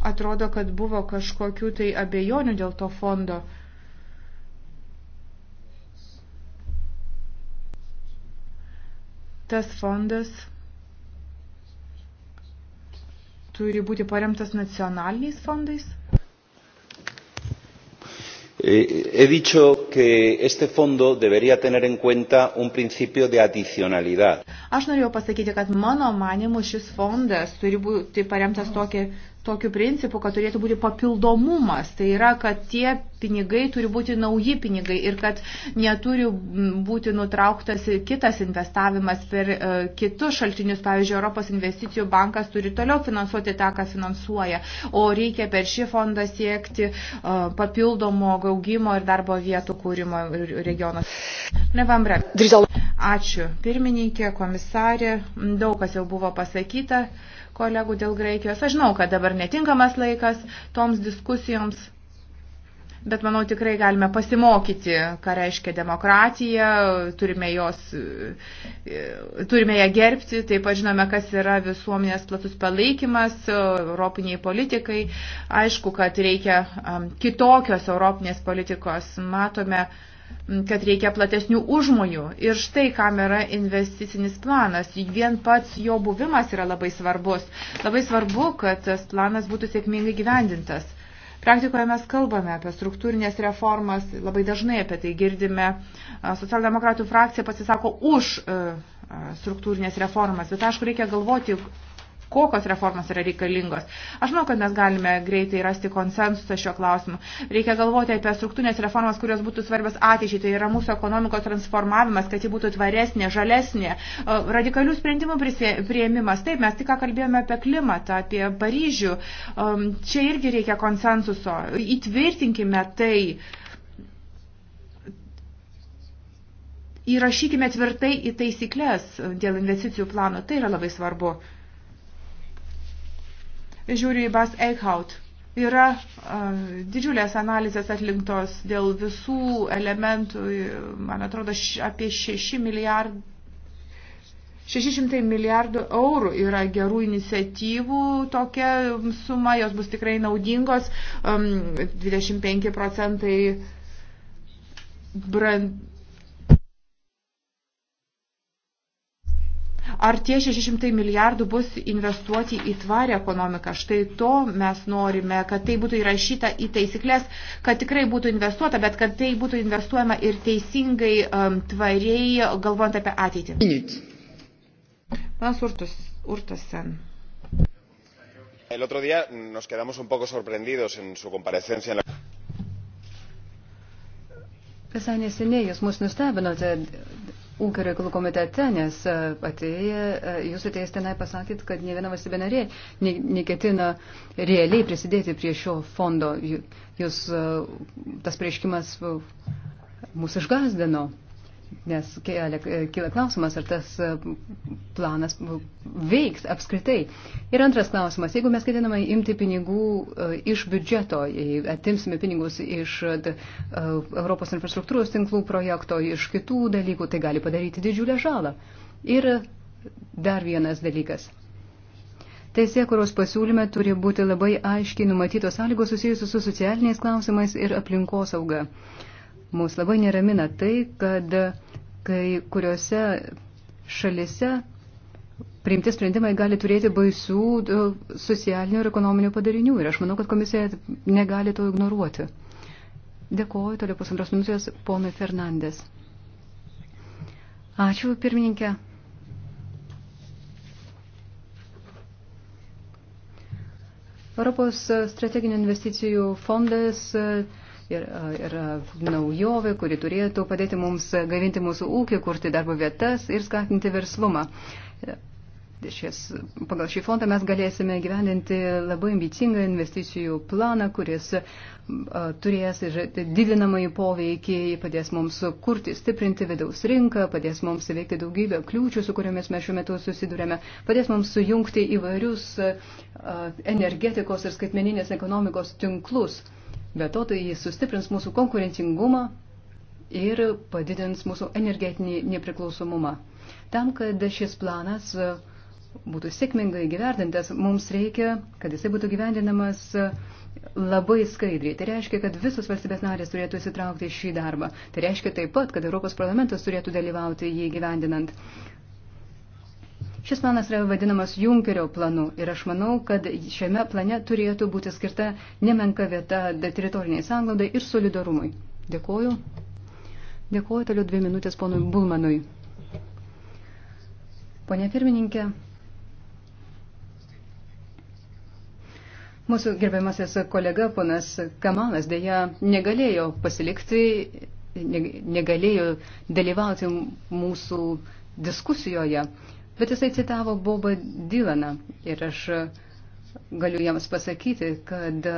atrodo, kad buvo kažkokių tai abejonių dėl to fondo. Tas fondas turi būti paremtas nacionaliniais fondais? Eh, he dicho que este fondo debería tener en cuenta un principio de adicionalidad. Aš norėjau pasakyti, kad mano manimu šis fondas turi būti paremtas tokia tokiu principu, kad turėtų būti papildomumas. Tai yra, kad tie pinigai turi būti nauji pinigai ir kad neturi būti nutrauktas kitas investavimas per uh, kitus šaltinius. Pavyzdžiui, Europos investicijų bankas turi toliau finansuoti tą, ką finansuoja, o reikia per šį fondą siekti uh, papildomo gaugimo ir darbo vietų kūrimo regionas. Nevambre. Ačiū. Pirmininkė, komisarė, daug kas jau buvo pasakyta kolegų dėl Graikijos. Aš žinau, kad dabar netinkamas laikas toms diskusijoms, bet manau tikrai galime pasimokyti, ką reiškia demokratija, turime, jos, turime ją gerbti, taip pat žinome, kas yra visuomenės platus palaikymas, europiniai politikai. Aišku, kad reikia kitokios europinės politikos. Matome, kad reikia platesnių užmojų. Ir štai kam yra investicinis planas. Vien pats jo buvimas yra labai svarbus. Labai svarbu, kad tas planas būtų sėkmingai gyvendintas. Praktikoje mes kalbame apie struktūrinės reformas, labai dažnai apie tai girdime. Socialdemokratų frakcija pasisako už e, struktūrinės reformas, bet aišku, reikia galvoti, kokios reformos yra reikalingos. Aš manau, kad mes galime greitai rasti konsensusą šio klausimu. Reikia galvoti apie struktūrinės reformas, kurios būtų svarbios ateičiai. Tai yra mūsų ekonomikos transformavimas, kad ji būtų tvaresnė, žalesnė, radikalių sprendimų prieimimas. Taip, mes tik ką kalbėjome apie klimatą, apie Paryžių. Čia irgi reikia konsensuso. Įtvirtinkime tai. įrašykime tvirtai į taisyklės dėl investicijų plano. Tai yra labai svarbu žiūriu į Bas Eichhaut. Yra uh, didžiulės analizės atlinktos dėl visų elementų, man atrodo, š, apie 6 milijard, 600 milijardų eurų yra gerų iniciatyvų tokia suma, jos bus tikrai naudingos, um, 25 procentai brand Ar tie 600 milijardų bus investuoti į tvarę ekonomiką? Štai to mes norime, kad tai būtų įrašyta į taisyklės, kad tikrai būtų investuota, bet kad tai būtų investuojama ir teisingai, um, tvariai, galvojant apie ateitį. Minut. Panas Urtus, Urtasen. El otro día nos quedamos un poco sorprendidos en su comparecencia en la. Visai neseniai jūs mus nustebinote ūkio reikalų komitete, nes e, atėję, e, jūs atėjęs tenai pasakyt, kad ne viena valstybė narė neketina realiai prisidėti prie šio fondo. Jūs e, tas prieškimas mūsų išgazdino. Nes kyla klausimas, ar tas e, planas veiks apskritai. Ir antras klausimas, jeigu mes ketiname imti pinigų e, iš biudžeto, atimsime pinigus iš e, Europos infrastruktūros tinklų projekto, iš kitų dalykų, tai gali padaryti didžiulę žalą. Ir dar vienas dalykas. Teisėkuros pasiūlyme turi būti labai aiškiai numatytos sąlygos susijusios su socialiniais klausimais ir aplinkosauga. sauga. Mūsų labai neramina tai, kad kai kuriuose šalise priimti sprendimai gali turėti baisių e, socialinių ir ekonominių padarinių. Ir aš manau, kad komisija negali to ignoruoti. Dėkuoju, toliau pusantros minutės ponui Fernandės. Ačiū, pirmininkė. Europos strateginių investicijų fondas uh, yra, yra naujovė, kuri turėtų padėti mums gavinti mūsų ūkį, kurti darbo vietas ir skatinti verslumą. Šis, pagal šį fondą mes galėsime gyveninti labai ambicingą investicijų planą, kuris a, turės ir didinamąjį poveikį, padės mums kurti, stiprinti vidaus rinką, padės mums įveikti daugybę kliūčių, su kuriomis mes šiuo metu susidurėme, padės mums sujungti įvairius a, energetikos ir skaitmeninės ekonomikos tinklus. A, Be to, tai jis sustiprins mūsų konkurencingumą ir padidins mūsų energetinį nepriklausomumą. Tam, kad šis planas e, būtų sėkmingai gyverdintas, mums reikia, kad jisai būtų gyvendinamas e, labai skaidriai. Tai reiškia, kad visos valstybės narės turėtų įsitraukti į šį darbą. Tai reiškia taip pat, kad Europos parlamentas turėtų dalyvauti jį gyvendinant. Šis planas yra vadinamas Junkerio planu ir aš manau, kad šiame plane turėtų būti skirta nemenka vieta teritoriniai sanglaudai ir solidarumui. Dėkuoju. Dėkuoju toliau dvi minutės ponui Bulmanui. Pone pirmininkė, mūsų gerbiamasis kolega ponas Kamalas dėja negalėjo pasilikti, negalėjo dalyvauti mūsų diskusijoje. Bet jisai citavo Bobą Dylaną ir aš e, galiu jiems pasakyti, kad e,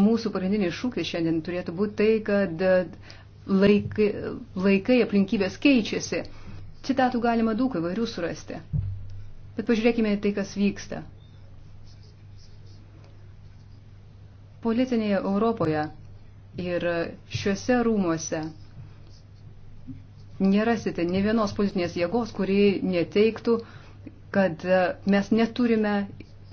mūsų pagrindinis šūkis šiandien turėtų būti tai, kad e, laikai, laikai aplinkybės keičiasi. Citatų galima daug įvairių surasti. Bet pažiūrėkime į tai, kas vyksta. Politinėje Europoje ir šiuose rūmuose nerasite ne vienos politinės jėgos, kuri neteiktų, kad e, mes neturime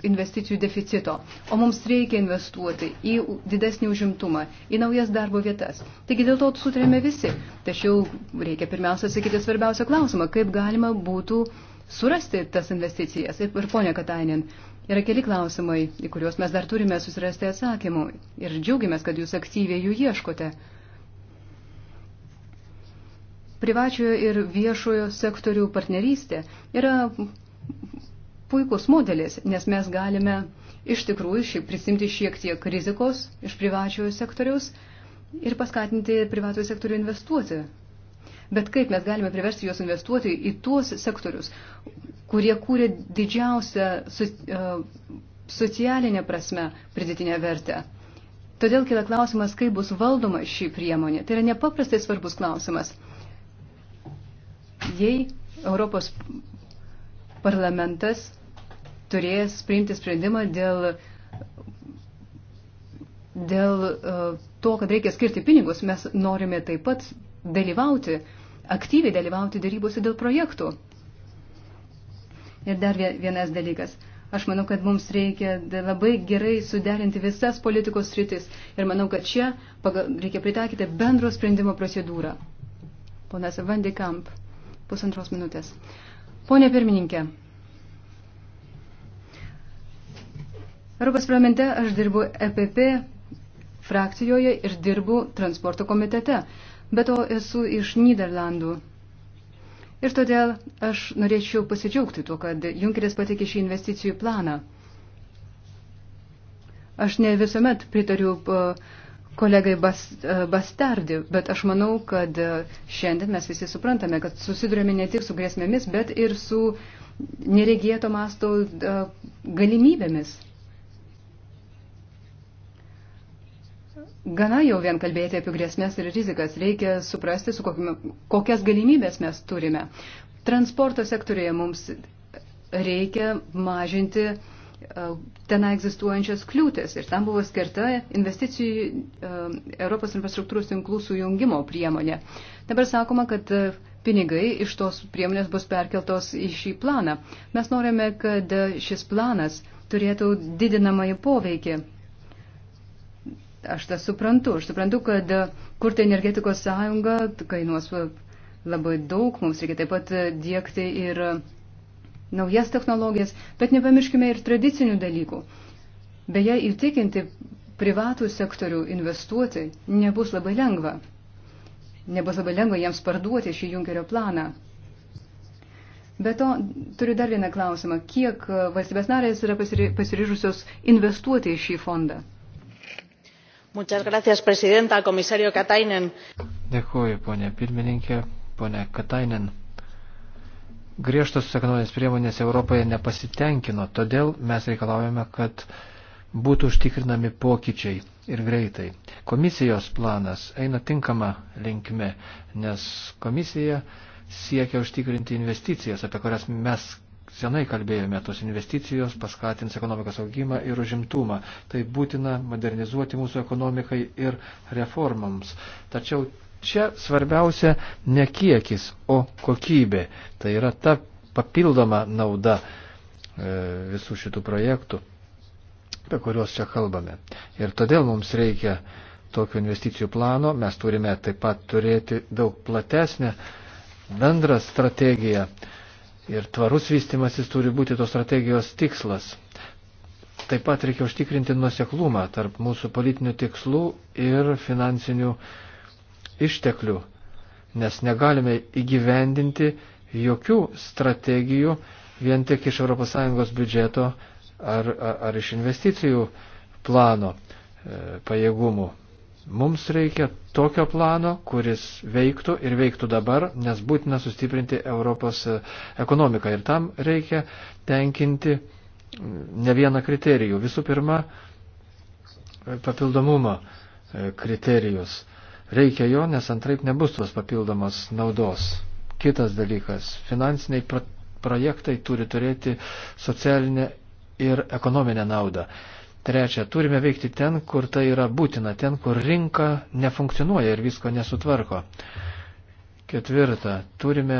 investicijų deficito, o mums reikia investuoti į didesnį užimtumą, į naujas darbo vietas. Taigi dėl to sutrėme visi. Tačiau reikia pirmiausia atsakyti svarbiausią klausimą, kaip galima būtų surasti tas investicijas. Ir ponia Katainin, yra keli klausimai, į kuriuos mes dar turime susirasti atsakymų. Ir džiaugiamės, kad jūs aktyviai jų ieškote privačiojo ir viešojo sektorių partnerystė yra puikus modelis, nes mes galime iš tikrųjų prisimti šiek tiek rizikos iš privačiojo sektoriaus ir paskatinti privatojo sektorių investuoti. Bet kaip mes galime priversti juos investuoti į tuos sektorius, kurie kūrė didžiausią e, socialinę prasme pridėtinę vertę? Todėl kila klausimas, kaip bus valdoma šį priemonė. Tai yra nepaprastai svarbus klausimas jei Europos parlamentas turės priimti sprendimą dėl, dėl e, to, kad reikia skirti pinigus, mes norime taip pat dalyvauti, aktyviai dalyvauti darybose dėl projektų. Ir dar vienas dalykas. Aš manau, kad mums reikia labai gerai suderinti visas politikos sritis ir manau, kad čia reikia pritaikyti bendro sprendimo procedūrą. Ponas Vandikamp. Kamp pusantros minutės. Pone pirmininkė, Europos parlamente aš dirbu EPP frakcijoje ir dirbu transporto komitete, bet to esu iš Niderlandų. Ir todėl aš norėčiau pasidžiaugti tuo, kad Junkeris patikė šį investicijų planą. Aš ne visuomet pritariu uh, kolegai bas, e, Bastardi, bet aš manau, kad e, šiandien mes visi suprantame, kad susidurėme ne tik su grėsmėmis, bet ir su neregėto masto e, galimybėmis. Gana jau vien kalbėti apie grėsmės ir rizikas, reikia suprasti, su kokiam, kokias galimybės mes turime. Transporto sektorėje mums reikia mažinti uh, E, ten egzistuojančias kliūtis ir tam buvo skirta investicijų e, Europos infrastruktūros tinklų sujungimo priemonė. Dabar sakoma, kad e, pinigai iš tos priemonės bus perkeltos į šį planą. Mes norime, kad šis planas turėtų didinamąjį poveikį. Aš tą suprantu. Aš suprantu, kad kurti energetikos sąjungą kainuos labai daug. Mums reikia taip pat dėkti ir naujas technologijas, bet nepamirškime ir tradicinių dalykų. Beje, įtikinti privatų sektorių investuoti nebus labai lengva. Nebus labai lengva jiems parduoti šį Junkerio planą. Be to, turiu dar vieną klausimą. Kiek valstybės narės yra pasiryžusios investuoti į šį fondą? Gracias, Dėkuoju, ponė pirmininkė, ponė Katainen griežtos ekonominės priemonės Europoje nepasitenkino, todėl mes reikalaujame, kad būtų užtikrinami pokyčiai ir greitai. Komisijos planas eina tinkama linkme, nes komisija siekia užtikrinti investicijas, apie kurias mes senai kalbėjome, tos investicijos paskatins ekonomikos augimą ir užimtumą. Tai būtina modernizuoti mūsų ekonomikai ir reformams. Tačiau Čia svarbiausia ne kiekis, o kokybė. Tai yra ta papildoma nauda e, visų šitų projektų, apie kuriuos čia kalbame. Ir todėl mums reikia tokio investicijų plano, mes turime taip pat turėti daug platesnę bendrą strategiją ir tvarus vystimasis turi būti tos strategijos tikslas. Taip pat reikia užtikrinti nuoseklumą tarp mūsų politinių tikslų ir finansinių uh, išteklių, nes negalime įgyvendinti jokių strategijų vien tik iš ES biudžeto ar, ar, ar iš investicijų plano e, pajėgumų. Mums reikia tokio plano, kuris veiktų ir veiktų dabar, nes būtina sustiprinti Europos e, ekonomiką. Ir tam reikia tenkinti mm, ne vieną kriterijų. Visų pirma, papildomumo e, kriterijus. Reikia jo, nes antraip nebus tos papildomos naudos. Kitas dalykas - finansiniai pro projektai turi turėti socialinę ir ekonominę naudą. Trečia, turime veikti ten, kur tai yra būtina, ten, kur rinka nefunkcionuoja ir visko nesutvarko. Ketvirta, turime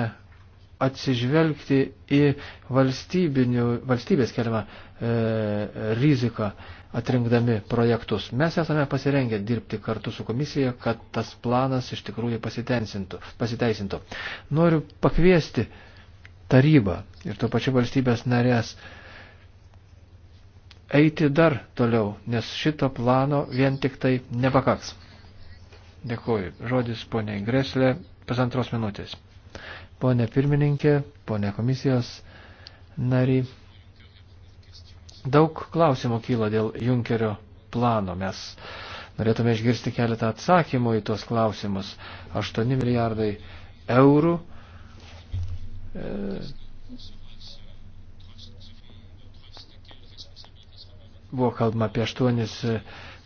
atsižvelgti į valstybės keliamą e, riziką atrinkdami projektus. Mes esame pasirengę dirbti kartu su komisija, kad tas planas iš tikrųjų pasiteisintų. Noriu pakviesti tarybą ir to pačiu valstybės narės eiti dar toliau, nes šito plano vien tik tai nepakaks. Dėkuoju. Žodis poniai Greslė, pusantros minutės ponė pirmininkė, ponė komisijos nari. Daug klausimų kyla dėl Junkerio plano. Mes norėtume išgirsti keletą atsakymų į tuos klausimus. 8 milijardai eurų. E, buvo kalbama apie 8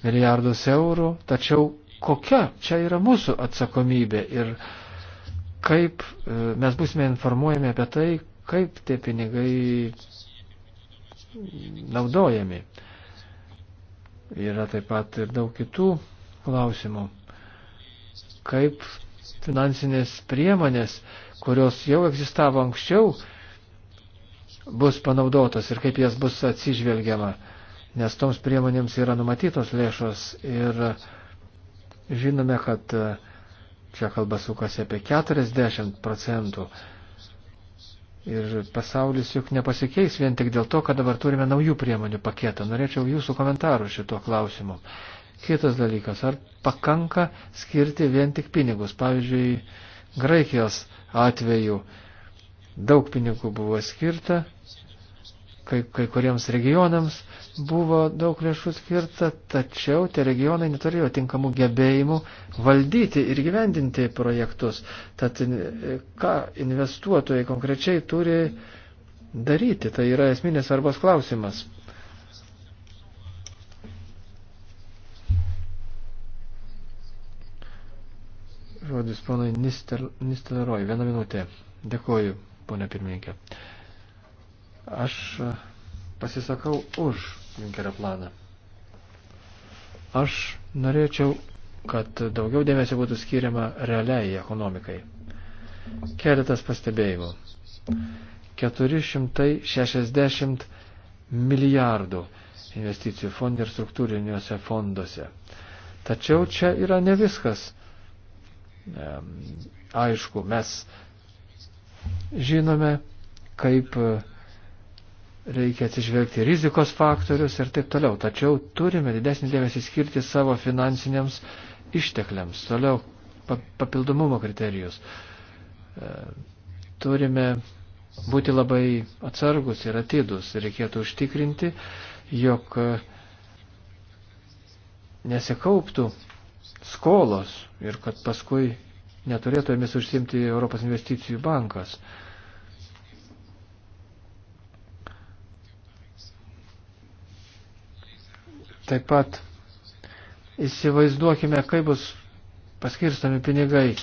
milijardus eurų, tačiau kokia čia yra mūsų atsakomybė ir kaip e, mes būsime informuojami apie tai, kaip tie pinigai naudojami. Yra taip pat ir daug kitų klausimų, kaip finansinės priemonės, kurios jau egzistavo anksčiau, bus panaudotos ir kaip jas bus atsižvelgiama, nes toms priemonėms yra numatytos lėšos ir žinome, kad uh, Čia kalba sukasi apie 40 procentų. Ir pasaulis juk nepasikeis vien tik dėl to, kad dabar turime naujų priemonių paketą. Norėčiau jūsų komentarų šituo klausimu. Kitas dalykas, ar pakanka skirti vien tik pinigus? Pavyzdžiui, Graikijos atveju daug pinigų buvo skirta kai, kai kuriems regionams, buvo daug lėšų skirta, tačiau tie regionai neturėjo tinkamų gebėjimų valdyti ir gyvendinti projektus. Tad e, ką investuotojai konkrečiai turi daryti, tai yra esminės svarbos klausimas. Žodis ponui Nistelroj, vieną minutę. Dėkoju, ponė pirmininkė. Aš e, pasisakau už Junkerio planą. Aš norėčiau, kad daugiau dėmesio būtų skiriama realiai ekonomikai. Keletas pastebėjimų. 460 milijardų investicijų fondų ir struktūriniuose fonduose. Tačiau čia yra ne viskas. Aišku, mes žinome, kaip reikia atsižvelgti rizikos faktorius ir taip toliau. Tačiau turime didesnį dėmesį skirti savo finansiniams ištekliams. Toliau papildomumo kriterijus. E, turime būti labai atsargus ir atidus. Reikėtų užtikrinti, jog e, nesikauptų skolos ir kad paskui neturėtų jomis užsimti Europos investicijų bankas. Taip pat įsivaizduokime, kaip bus paskirstami pinigai.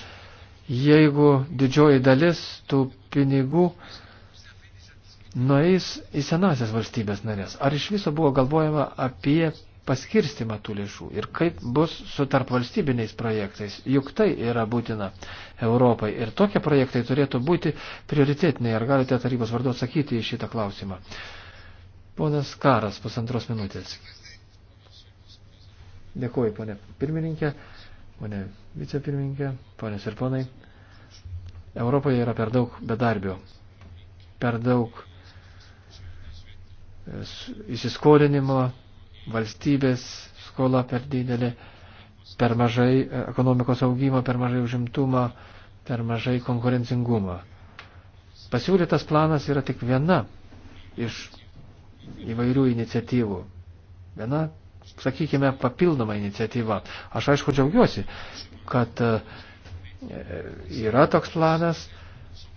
Jeigu didžioji dalis tų pinigų nueis į senasias valstybės narės, ar iš viso buvo galvojama apie paskirstimą tų lėšų ir kaip bus su tarp valstybiniais projektais, juk tai yra būtina Europai ir tokie projektai turėtų būti prioritetiniai, ar galite tarybos vardu atsakyti į šitą klausimą. Ponas Karas, pusantros minutės. Dėkuoju, ponė pirmininkė, ponė vicepirmininkė, ponės ir ponai. Europoje yra per daug bedarbių, per daug e, įsiskolinimo, valstybės skola per didelė, per mažai e, ekonomikos augimo, per mažai užimtumo, per mažai konkurencingumo. Pasiūlytas planas yra tik viena iš įvairių iniciatyvų. Viena sakykime, papildoma iniciatyva. Aš aišku džiaugiuosi, kad e, yra toks planas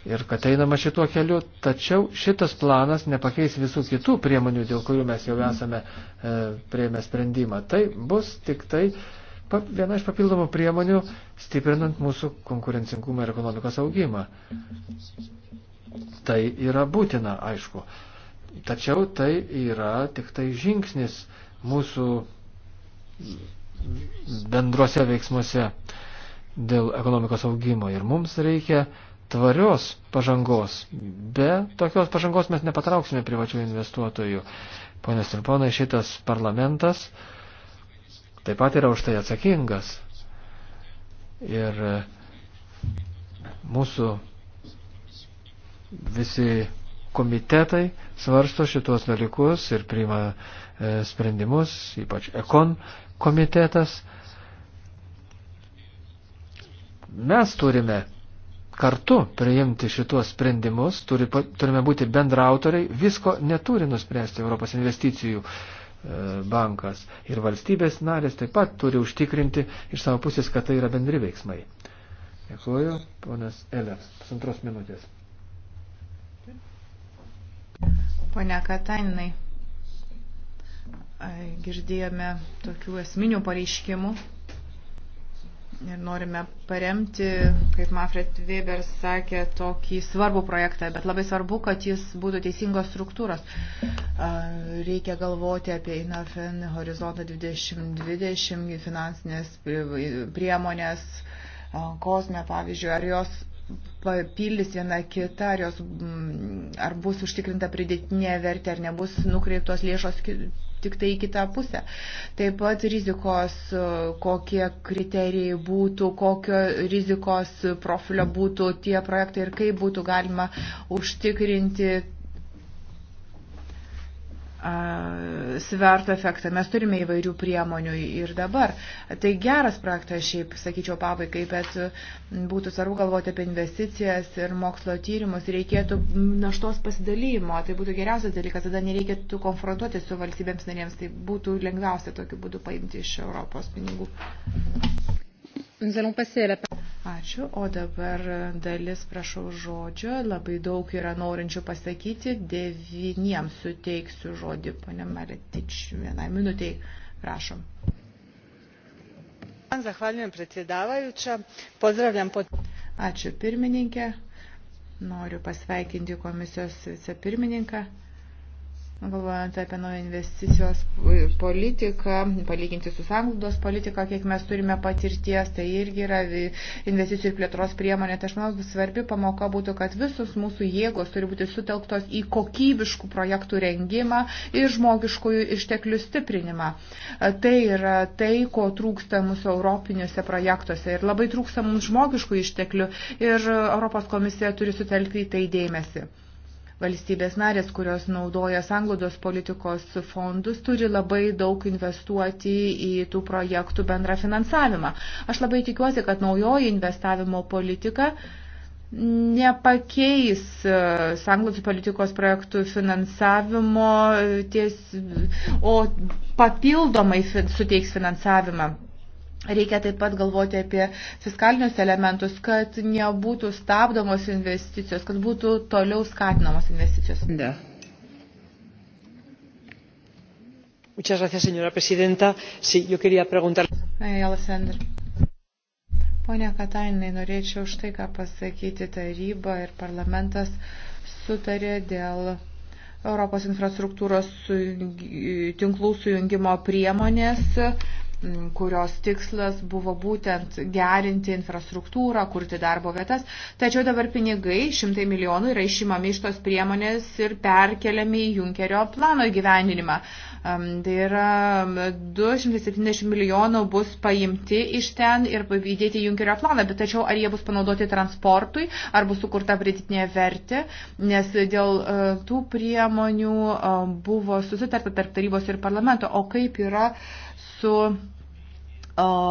ir kad einama šituo keliu, tačiau šitas planas nepakeis visų kitų priemonių, dėl kurių mes jau esame e, prieimę sprendimą. Tai bus tik tai pap, viena iš papildomų priemonių, stiprinant mūsų konkurencingumą ir ekonomikos augimą. Tai yra būtina, aišku. Tačiau tai yra tik tai žingsnis mūsų bendruose veiksmuose dėl ekonomikos augimo ir mums reikia tvarios pažangos. Be tokios pažangos mes nepatrauksime privačių investuotojų. Ponės ir ponai, šitas parlamentas taip pat yra už tai atsakingas. Ir mūsų visi komitetai svarsto šitos dalykus ir priima E, sprendimus, ypač ekon komitetas. Mes turime kartu priimti šituos sprendimus, turi, turime būti bendrautoriai, visko neturi nuspręsti Europos investicijų e, bankas ir valstybės narės taip pat turi užtikrinti iš savo pusės, kad tai yra bendri veiksmai. Dėkuoju, ponas Elers, pusantros minutės. Pone Katainai girdėjome tokių esminių pareiškimų ir norime paremti, kaip Manfred Weber sakė, tokį svarbų projektą, bet labai svarbu, kad jis būtų teisingos struktūros. Reikia galvoti apie INAFEN horizontą 2020, finansinės priemonės, kosme, pavyzdžiui, ar jos papildys viena kita, ar, jos, ar bus užtikrinta pridėtinė vertė, ar nebus nukreiptos lėšos tik tai į kitą pusę. Taip pat rizikos, e, kokie kriterijai būtų, kokio rizikos profilio būtų tie projektai ir kaip būtų galima užtikrinti svertų efektą. Mes turime įvairių priemonių ir dabar. Tai geras projektas šiaip, sakyčiau, pabaigai, bet būtų svarbu galvoti apie investicijas ir mokslo tyrimus. Reikėtų naštos pasidalymo. Tai būtų geriausias dalykas, tada nereikėtų konfrontuoti su valstybėms narėms. Tai būtų lengviausia tokiu būdu paimti iš Europos pinigų. Ačiū, o dabar dalis prašau žodžio, labai daug yra norinčių pasakyti, devyniems suteiksiu žodį, ponė Maretič, vienai minutiai, prašom. Ačiū pirmininkė, noriu pasveikinti komisijos vicepirmininką galvojant apie naują investicijos politiką, palyginti su sanglaudos politika, kiek mes turime patirties, tai irgi yra investicijų ir plėtros priemonė. Tai aš manau, svarbi pamoka būtų, kad visus mūsų jėgos turi būti sutelktos į kokybiškų projektų rengimą ir žmogiškųjų išteklių stiprinimą. Tai yra tai, ko trūksta mūsų europiniuose projektuose ir labai trūksta mums žmogiškų išteklių ir Europos komisija turi sutelkti į tai dėmesį. Valstybės narės, kurios naudoja sanglodos politikos fondus, turi labai daug investuoti į tų projektų bendrą finansavimą. Aš labai tikiuosi, kad naujoji investavimo politika nepakeis e, sanglūdų politikos projektų finansavimo, ties, o papildomai suteiks finansavimą Reikia taip pat galvoti apie fiskalinius elementus, kad nebūtų stabdomos investicijos, kad būtų toliau skatinamos investicijos. Ne. Muchas gracias, señora presidenta. Sí, yo quería preguntar. Hey, Alessandra. Pone Katainai, norėčiau štai ką pasakyti. Taryba ir parlamentas sutarė dėl Europos infrastruktūros tinklų sujungimo priemonės kurios tikslas buvo būtent gerinti infrastruktūrą, kurti darbo vietas. Tačiau dabar pinigai, šimtai milijonų, yra išimami iš tos priemonės ir perkeliami į Junkerio plano gyveninimą. Tai yra 270 milijonų bus paimti iš ten ir įdėti Junkerio planą, bet tačiau ar jie bus panaudoti transportui, ar bus sukurta pridėtinė vertė, nes dėl e, tų priemonių buvo susitarta tarp tarybos ir parlamento, o kaip yra uh, su o,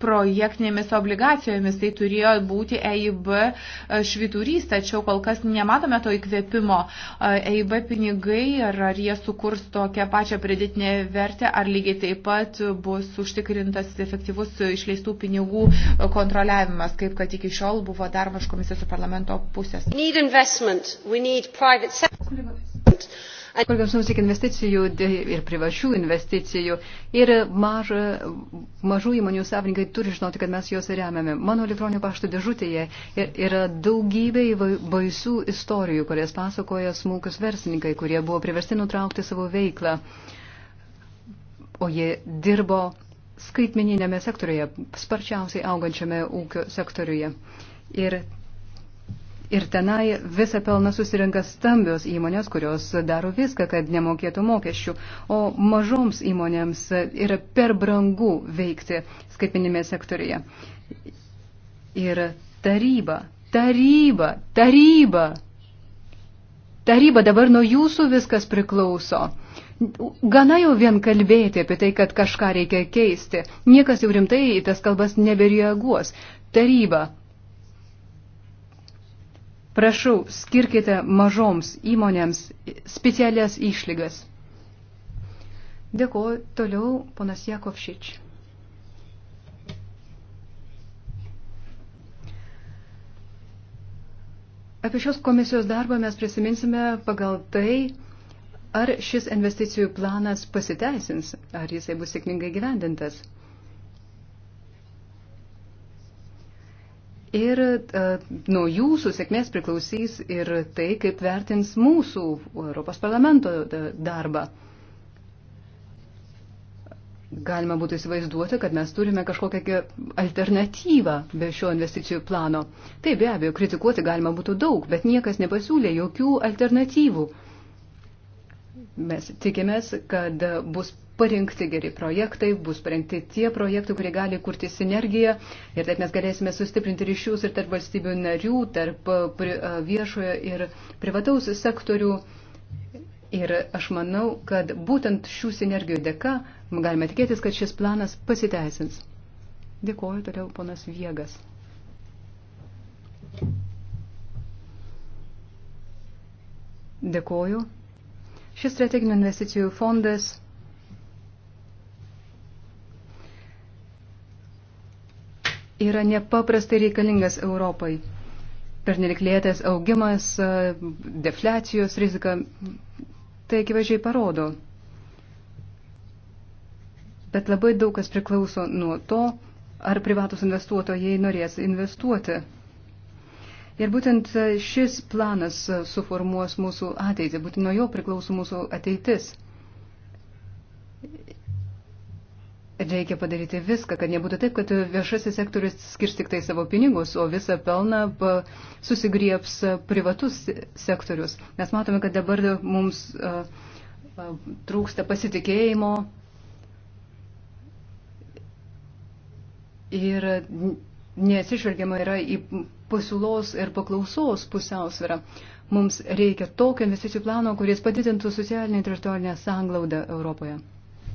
projektinėmis obligacijomis. Tai turėjo būti EIB e, švyturys, tačiau kol kas nematome to įkvėpimo. EIB e pinigai, ar, ar jie sukurs tokią pačią pridėtinę vertę, ar lygiai taip pat bus užtikrintas efektyvus išleistų pinigų kontroliavimas, kaip kad iki šiol buvo daroma iš komisijos ir parlamento pusės. Need investment. We need private sector. Kalbėjom mums tik investicijų ir privačių investicijų. Ir maža, mažų įmonių savininkai turi žinoti, kad mes juos remiame. Mano elektroninio pašto dėžutėje yra daugybė baisių istorijų, kurias pasakoja smulkus verslininkai, kurie buvo priversti nutraukti savo veiklą. O jie dirbo skaitmeninėme sektoriuje, sparčiausiai augančiame ūkio sektoriuje. Ir Ir tenai visą pelną susirinka stambios įmonės, kurios daro viską, kad nemokėtų mokesčių. O mažoms įmonėms yra per brangu veikti skaitminėme sektorija. Ir taryba, taryba, taryba. Taryba dabar nuo jūsų viskas priklauso. Gana jau vien kalbėti apie tai, kad kažką reikia keisti. Niekas jau rimtai į tas kalbas nebereaguos. Taryba, Prašau, skirkite mažoms įmonėms specialias išlygas. Dėkuoju toliau, ponas Jakovšič. Apie šios komisijos darbą mes prisiminsime pagal tai, ar šis investicijų planas pasiteisins, ar jisai bus sėkmingai gyvendintas. Ir uh, nuo jūsų sėkmės priklausys ir tai, kaip vertins mūsų Europos parlamento e, darbą. Galima būtų įsivaizduoti, kad mes turime kažkokią alternatyvą be šio investicijų plano. Taip, be abejo, kritikuoti galima būtų daug, bet niekas nepasiūlė jokių alternatyvų. Mes tikimės, kad bus parinkti geri projektai, bus parinkti tie projektai, kurie gali kurti sinergiją ir taip mes galėsime sustiprinti ryšius ir tarp valstybių narių, tarp uh, uh, viešojo ir privataus sektorių. Ir aš manau, kad būtent šių sinergijų dėka galime tikėtis, kad šis planas pasiteisins. Dėkuoju toliau ponas Viegas. Dėkuoju. Šis strateginių investicijų fondas yra nepaprastai reikalingas Europai. Pernelik augimas, defliacijos rizika, tai akivaizdžiai parodo. Bet labai daug kas priklauso nuo to, ar privatus investuotojai norės investuoti. Ir būtent šis planas suformuos mūsų ateitį, būtent nuo jo priklauso mūsų ateitis. Reikia padaryti viską, kad nebūtų taip, kad viešasis sektorius skirs tik tai savo pinigus, o visą pelną susigrieps privatus sektorius. Mes matome, kad dabar mums trūksta pasitikėjimo ir neatsižvelgiama yra į pasiūlos ir paklausos pusiausvyrą. Mums reikia tokio investicijų plano, kuris padidintų socialinę ir teritorinę sanglaudą Europoje.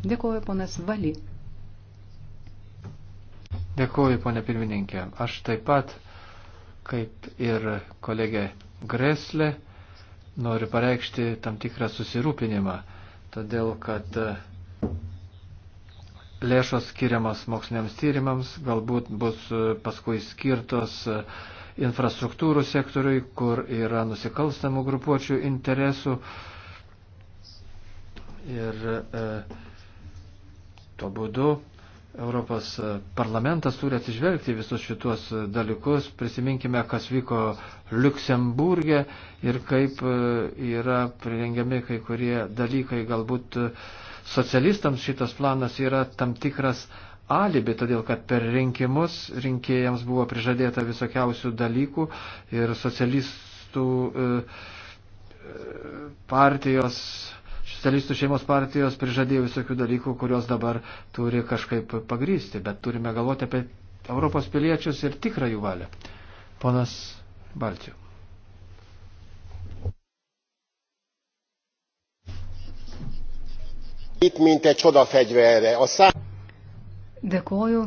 Dėkuoju, ponas Valy. Dėkuoju, ponė pirmininkė. Aš taip pat, kaip ir kolegė Greslė, noriu pareikšti tam tikrą susirūpinimą, todėl kad e, lėšos skiriamas moksliniams tyrimams galbūt bus e, paskui skirtos e, infrastruktūrų sektoriui, kur yra nusikalstamų grupuočių interesų. Ir e, tuo būdu Europos parlamentas turi atsižvelgti visus šitos dalykus. Prisiminkime, kas vyko Luksemburgė ir kaip e, yra prirengiami kai kurie dalykai. Galbūt socialistams šitas planas yra tam tikras alibi, todėl kad per rinkimus rinkėjams buvo prižadėta visokiausių dalykų ir socialistų e, e, partijos socialistų šeimos partijos prižadėjo visokių dalykų, kuriuos dabar turi kažkaip pagrysti, bet turime galvoti apie Europos piliečius ir tikrą jų valią. Ponas Balčių. Dėkoju.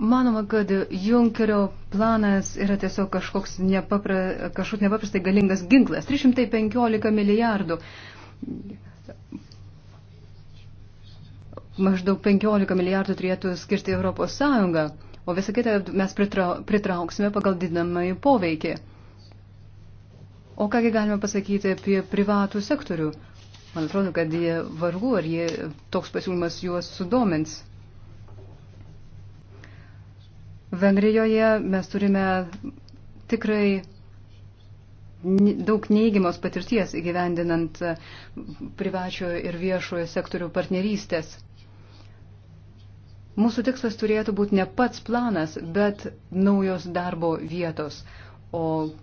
Manoma, kad Junkerio planas yra tiesiog kažkoks nepapra, kažkoks nepaprastai galingas ginklas. 315 milijardų. Maždaug 15 milijardų turėtų skirti Europos Sąjunga, o visą kitą mes pritrauksime pagal didinamąjį poveikį. O kągi galime pasakyti apie privatų sektorių? Man atrodo, kad jie vargu, ar jie toks pasiūlymas juos sudomins. Vengrijoje mes turime tikrai daug neįgimos patirties įgyvendinant e, privačiojo ir viešojo sektorių partnerystės. Mūsų tikslas turėtų būti ne pats planas, bet naujos darbo vietos, o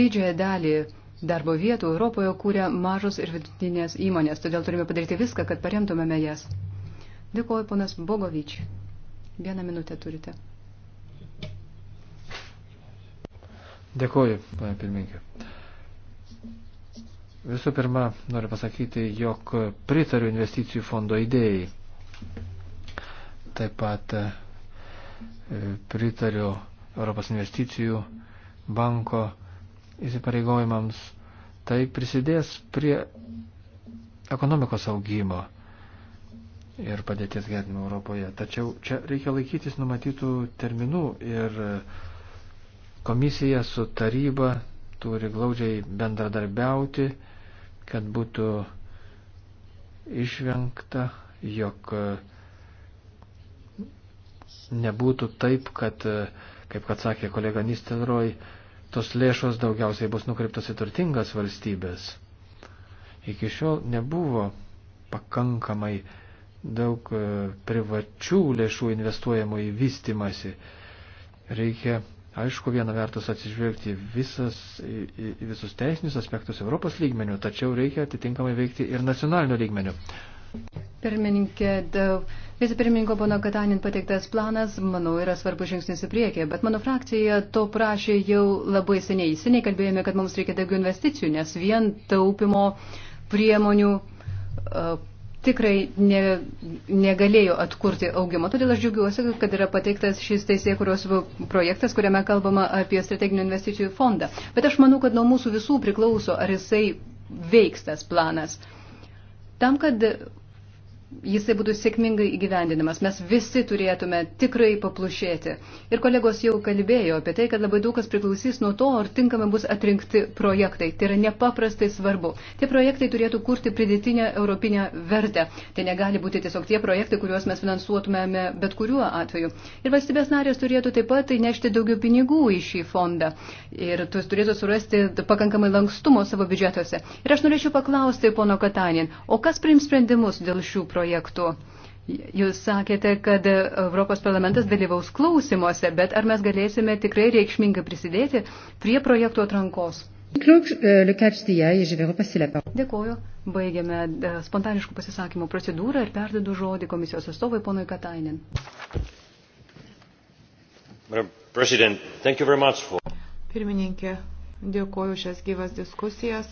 didžiąją dalį darbo vietų Europoje kūrė mažos ir vidutinės įmonės, todėl turime padaryti viską, kad paremtumėme jas. Dėkuoju, ponas Bogovičiai. Vieną minutę turite. Dėkuoju, pane pirmininkė. Visų pirma, noriu pasakyti, jog pritariu investicijų fondo idėjai. Taip pat e, pritariu Europos investicijų banko įsipareigojimams. Tai prisidės prie ekonomikos augimo ir padėties gerinimo Europoje. Tačiau čia reikia laikytis numatytų terminų ir komisija su taryba turi glaudžiai bendradarbiauti, kad būtų išvengta, jog nebūtų taip, kad, kaip kad sakė kolega Nistelroj, tos lėšos daugiausiai bus nukreiptos į turtingas valstybės. Iki šiol nebuvo pakankamai daug e, privačių lėšų investuojamo į vystimasi. Reikia, aišku, viena vertus atsižvelgti visas, į, į, į visus teisinius aspektus Europos lygmenių, tačiau reikia atitinkamai veikti ir nacionalinio lygmenių. Pirmininkė, vicepirmininko pono Katanin pateiktas planas, manau, yra svarbus žingsnis į priekį, bet mano frakcija to prašė jau labai seniai. Seniai kalbėjome, kad mums reikia daugiau investicijų, nes vien taupimo priemonių e, tikrai ne, negalėjo atkurti augimo. Todėl aš džiaugiuosi, kad yra pateiktas šis teisėkuros projektas, kuriame kalbama apie strateginių investicijų fondą. Bet aš manau, kad nuo mūsų visų priklauso, ar jisai veiks tas planas. Tam, kad jisai būtų sėkmingai įgyvendinamas. Mes visi turėtume tikrai paplušėti. Ir kolegos jau kalbėjo apie tai, kad labai daug kas priklausys nuo to, ar tinkamai bus atrinkti projektai. Tai yra nepaprastai svarbu. Tie projektai turėtų kurti pridėtinę europinę vertę. Tai negali būti tiesiog tie projektai, kuriuos mes finansuotumėme bet kuriuo atveju. Ir valstybės narės turėtų taip pat nešti daugiau pinigų į šį fondą. Ir turėtų surasti pakankamai lankstumo savo biudžetuose. Ir aš norėčiau paklausti pono Katanin, o kas priims sprendimus dėl šių projektų? projektų. Jūs sakėte, kad Europos parlamentas dalyvaus klausimuose, bet ar mes galėsime tikrai reikšmingai prisidėti prie projektų atrankos? Euh, dėkuoju. Baigiame e, spontaniškų pasisakymų procedūrą ir perdedu žodį komisijos atstovai ponui Katainin. Pirmininkė, dėkuoju šias gyvas diskusijas,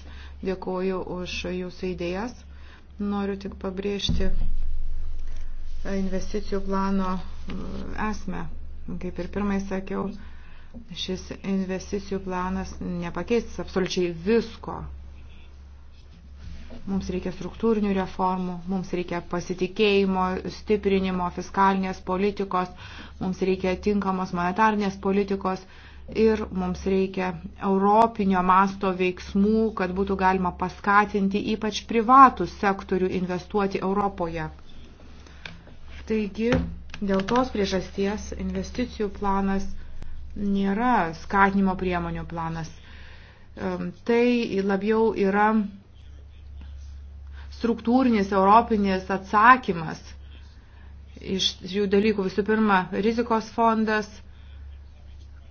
dėkuoju už jūsų idėjas. Noriu tik pabrėžti e, investicijų plano e, esmę. Kaip ir pirmai sakiau, šis investicijų planas nepakeis absoliučiai visko. Mums reikia struktūrinių reformų, mums reikia pasitikėjimo, stiprinimo, fiskalinės politikos, mums reikia tinkamos monetarnės politikos ir mums reikia europinio masto veiksmų, kad būtų galima paskatinti ypač privatų sektorių investuoti Europoje. Taigi, dėl tos priežasties investicijų planas nėra skatinimo priemonių planas. Tai labiau yra struktūrinis europinis atsakymas iš jų dalykų. Visų pirma, rizikos fondas –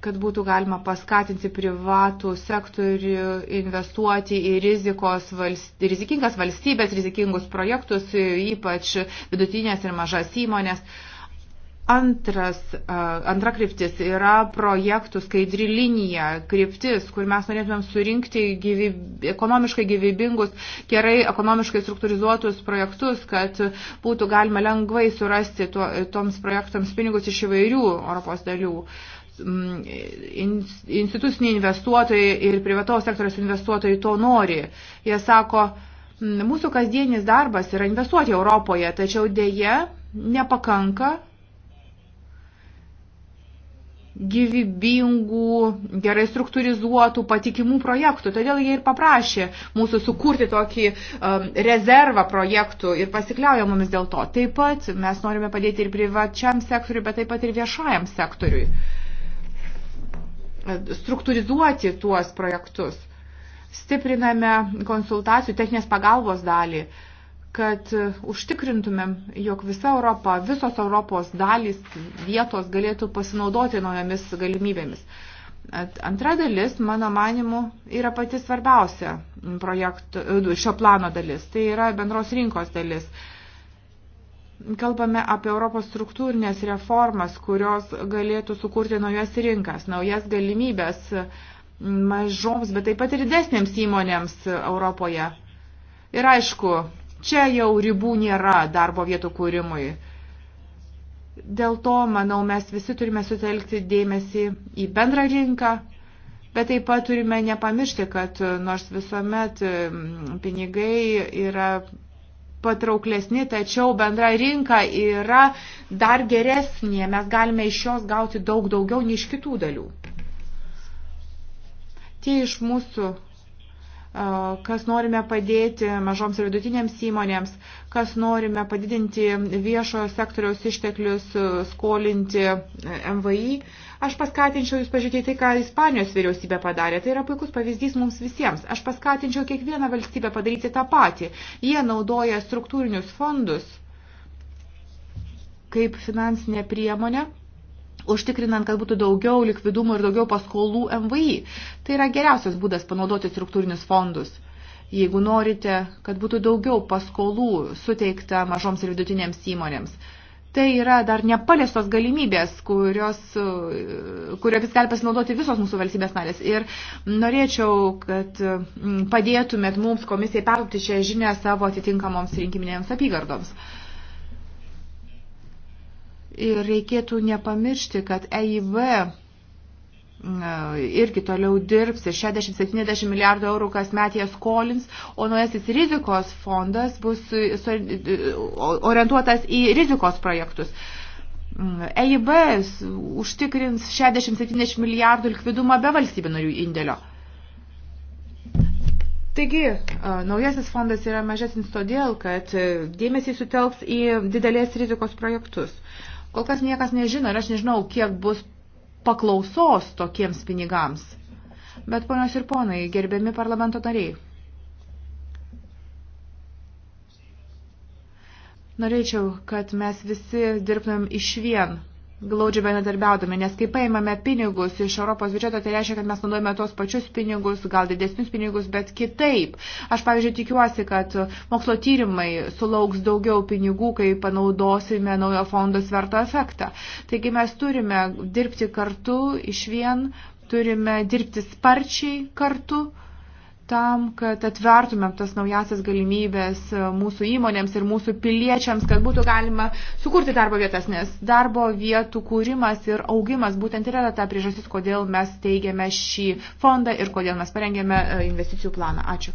kad būtų galima paskatinti privatų sektorių investuoti į rizikos valst... rizikingas valstybės, rizikingus projektus, ypač vidutinės ir mažas įmonės. Antras, antra kryptis yra projektų skaidri linija, kryptis, kur mes norėtumėm surinkti gyvyb, ekonomiškai gyvybingus, gerai ekonomiškai struktūrizuotus projektus, kad būtų galima lengvai surasti to, toms projektams pinigus iš įvairių Europos dalių. Uh, Mm, instituciniai investuotojai ir privataus sektoriaus investuotojai to nori. Jie sako, mm, mūsų kasdienis darbas yra investuoti Europoje, tačiau dėje nepakanka gyvybingų, gerai struktūrizuotų, patikimų projektų. Todėl jie ir paprašė mūsų sukurti tokį um, rezervą projektų ir pasikliauja mumis dėl to. Taip pat mes norime padėti ir privačiam sektoriui, bet taip pat ir viešajam sektoriui struktūrizuoti tuos projektus. Stipriname konsultacijų techninės pagalbos dalį, kad e, užtikrintumėm, jog visa Europa, visos Europos dalys vietos galėtų pasinaudoti naujomis galimybėmis. Antra dalis, mano manimu, yra pati svarbiausia projektų, e, šio plano dalis. Tai yra bendros rinkos dalis kalbame apie Europos struktūrinės reformas, kurios galėtų sukurti naujas rinkas, naujas galimybės mažoms, bet taip pat ir didesnėms įmonėms Europoje. Ir aišku, čia jau ribų nėra darbo vietų kūrimui. Dėl to, manau, mes visi turime sutelkti dėmesį į bendrą rinką, Bet taip pat turime nepamiršti, kad nors visuomet mm, pinigai yra patrauklesni, tačiau bendra rinka yra dar geresnė. Mes galime iš jos gauti daug daugiau nei iš kitų dalių. Tie iš mūsų, kas norime padėti mažoms ir vidutinėms įmonėms, kas norime padidinti viešojo sektoriaus išteklius, skolinti MVI, Aš paskatinčiau jūs pažiūrėti tai, ką Ispanijos vyriausybė padarė. Tai yra puikus pavyzdys mums visiems. Aš paskatinčiau kiekvieną valstybę padaryti tą patį. Jie naudoja struktūrinius fondus kaip finansinė priemonė užtikrinant, kad būtų daugiau likvidumo ir daugiau paskolų MVI. Tai yra geriausias būdas panaudoti struktūrinius fondus. Jeigu norite, kad būtų daugiau paskolų suteikta mažoms ir vidutinėms įmonėms tai yra dar nepaliestos galimybės, kurios, kuriomis gali pasinaudoti visos mūsų valstybės narės. Ir norėčiau, kad mm, padėtumėt mums komisijai perduoti šią žinę savo atitinkamoms rinkiminėms apygardoms. Ir reikėtų nepamiršti, kad EIV irgi toliau dirbs ir 60-70 milijardų eurų kas met jie skolins, o naujasis rizikos fondas bus orientuotas į rizikos projektus. Mm, EIB užtikrins 60-70 milijardų likvidumą be valstybių narių indėlio. Taigi, naujasis fondas yra mažesnis todėl, kad e, dėmesį sutelks į didelės rizikos projektus. Kol kas niekas nežino ir aš nežinau, kiek bus paklausos tokiems pinigams. Bet ponios ir ponai, gerbiami parlamento nariai. Norėčiau, kad mes visi dirbtumėm iš vien glaudžiai bendradarbiaudami, nes kai paimame pinigus iš Europos biudžeto, tai reiškia, kad mes naudojame tos pačius pinigus, gal didesnius pinigus, bet kitaip. Aš, pavyzdžiui, tikiuosi, kad mokslo tyrimai sulauks daugiau pinigų, kai panaudosime naujo fondo sverto efektą. Taigi mes turime dirbti kartu iš vien, turime dirbti sparčiai kartu tam, kad atvertumėm tas naujasias galimybės e, mūsų įmonėms ir mūsų piliečiams, kad būtų galima sukurti darbo vietas, nes darbo vietų kūrimas ir augimas būtent yra ta priežastis, kodėl mes teigiame šį fondą ir kodėl mes parengėme e, investicijų planą. Ačiū.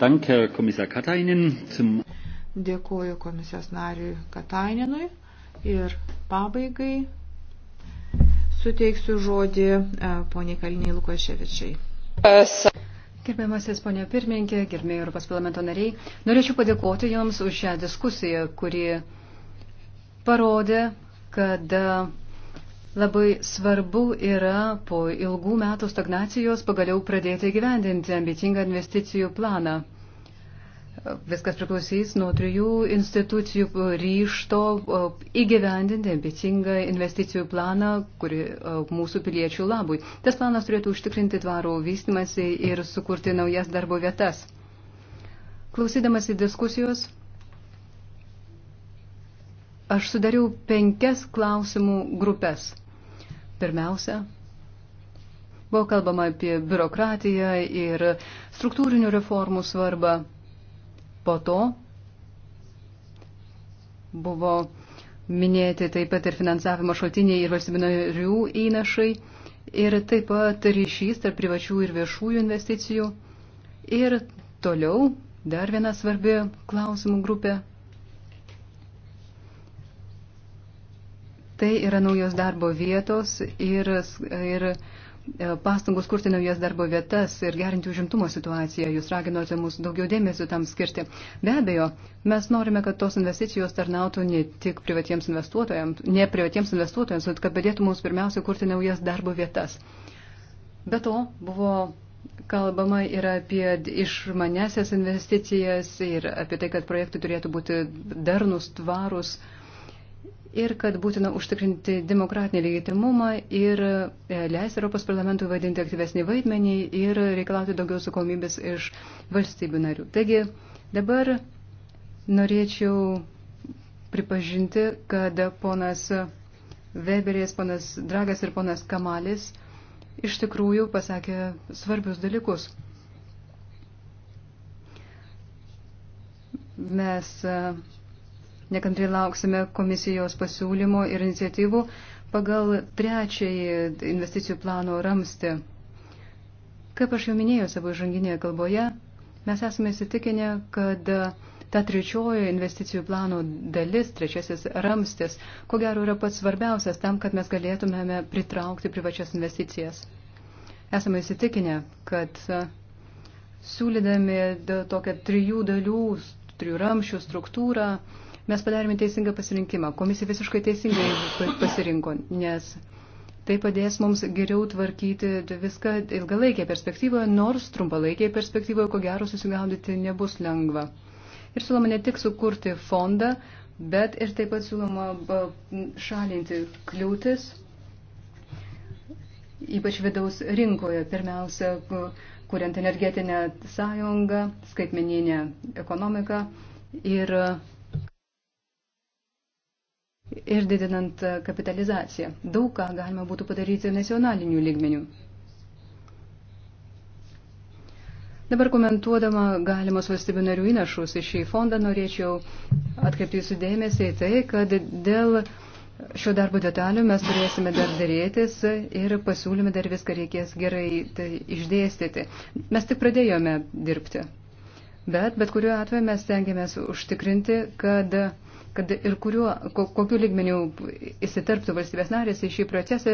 Dank, zum... Dėkuoju komisijos nariui Katainenui ir pabaigai Suteiksiu žodį e, poniai Kaliniai Lukoševičiai. Gerbiamasis ponė pirmininkė, gerbėjai Europos parlamento nariai, norėčiau padėkoti Jums už šią diskusiją, kuri parodė, kad e, labai svarbu yra po ilgų metų stagnacijos pagaliau pradėti gyvendinti ambicingą investicijų planą. Viskas priklausys nuo trijų institucijų ryšto įgyvendinti ambicingą investicijų planą, kuri mūsų piliečių labui. Tas planas turėtų užtikrinti tvarų vystimąsi ir sukurti naujas darbo vietas. Klausydamasi diskusijos, aš sudariau penkias klausimų grupės. Pirmiausia, buvo kalbama apie biurokratiją ir struktūrinių reformų svarbą. Po to buvo minėti taip pat ir finansavimo šaltiniai ir valstybinarių įnašai ir taip pat ryšys tarp privačių ir viešųjų investicijų. Ir toliau dar viena svarbi klausimų grupė. Tai yra naujos darbo vietos ir, ir E, pastangos kurti naujas darbo vietas ir gerinti užimtumo situaciją. Jūs raginote mus daugiau dėmesio tam skirti. Be abejo, mes norime, kad tos investicijos tarnautų ne tik privatiems investuotojams, ne privatiems investuotojams, bet kad padėtų mums pirmiausia kurti naujas darbo vietas. Be to buvo kalbama ir apie išmanesias investicijas ir apie tai, kad projektai turėtų būti darnus, tvarus. Uh, ir kad būtina užtikrinti demokratinį legitimumą ir e, leisti Europos parlamentui vaidinti aktyvesnį vaidmenį ir reikalauti daugiau sukomybės iš valstybių narių. Taigi dabar norėčiau pripažinti, kad ponas Weberės, ponas Dragas ir ponas Kamalis iš tikrųjų pasakė svarbius dalykus. Mes uh, Nekantri lauksime komisijos pasiūlymų ir iniciatyvų pagal trečiąjį investicijų plano ramstį. Kaip aš jau minėjau savo žanginėje kalboje, mes esame įsitikinę, kad ta trečioji investicijų plano dalis, trečiasis ramstis, ko gero yra pats svarbiausias tam, kad mes galėtumėme pritraukti privačias investicijas. Esame įsitikinę, kad siūlydami tokią trijų dalių, trijų ramščių struktūrą, Mes padarėme teisingą pasirinkimą. Komisija visiškai teisingai pasirinko, nes tai padės mums geriau tvarkyti viską ilgalaikėje perspektyvoje, nors trumpalaikėje perspektyvoje, ko gero, susigaudyti nebus lengva. Ir siūloma ne tik sukurti fondą, bet ir taip pat siūloma šalinti kliūtis, ypač vidaus rinkoje, pirmiausia, kuriant energetinę sąjungą, skaitmeninę ekonomiką ir ir didinant kapitalizaciją. Daug ką galima būtų padaryti nacionalinių lygmenių. Dabar komentuodama galimus valstybių narių įnašus į šį fondą norėčiau atkreipti jūsų dėmesį į tai, kad dėl šio darbo detalių mes turėsime dar dėrėtis ir pasiūlyme dar viską reikės gerai tai išdėstyti. Mes tik pradėjome dirbti. Bet, bet kuriuo atveju mes tengiamės užtikrinti, kad kad ir kuriuo, kokiu lygmeniu įsitarptų valstybės narės į šį procesą,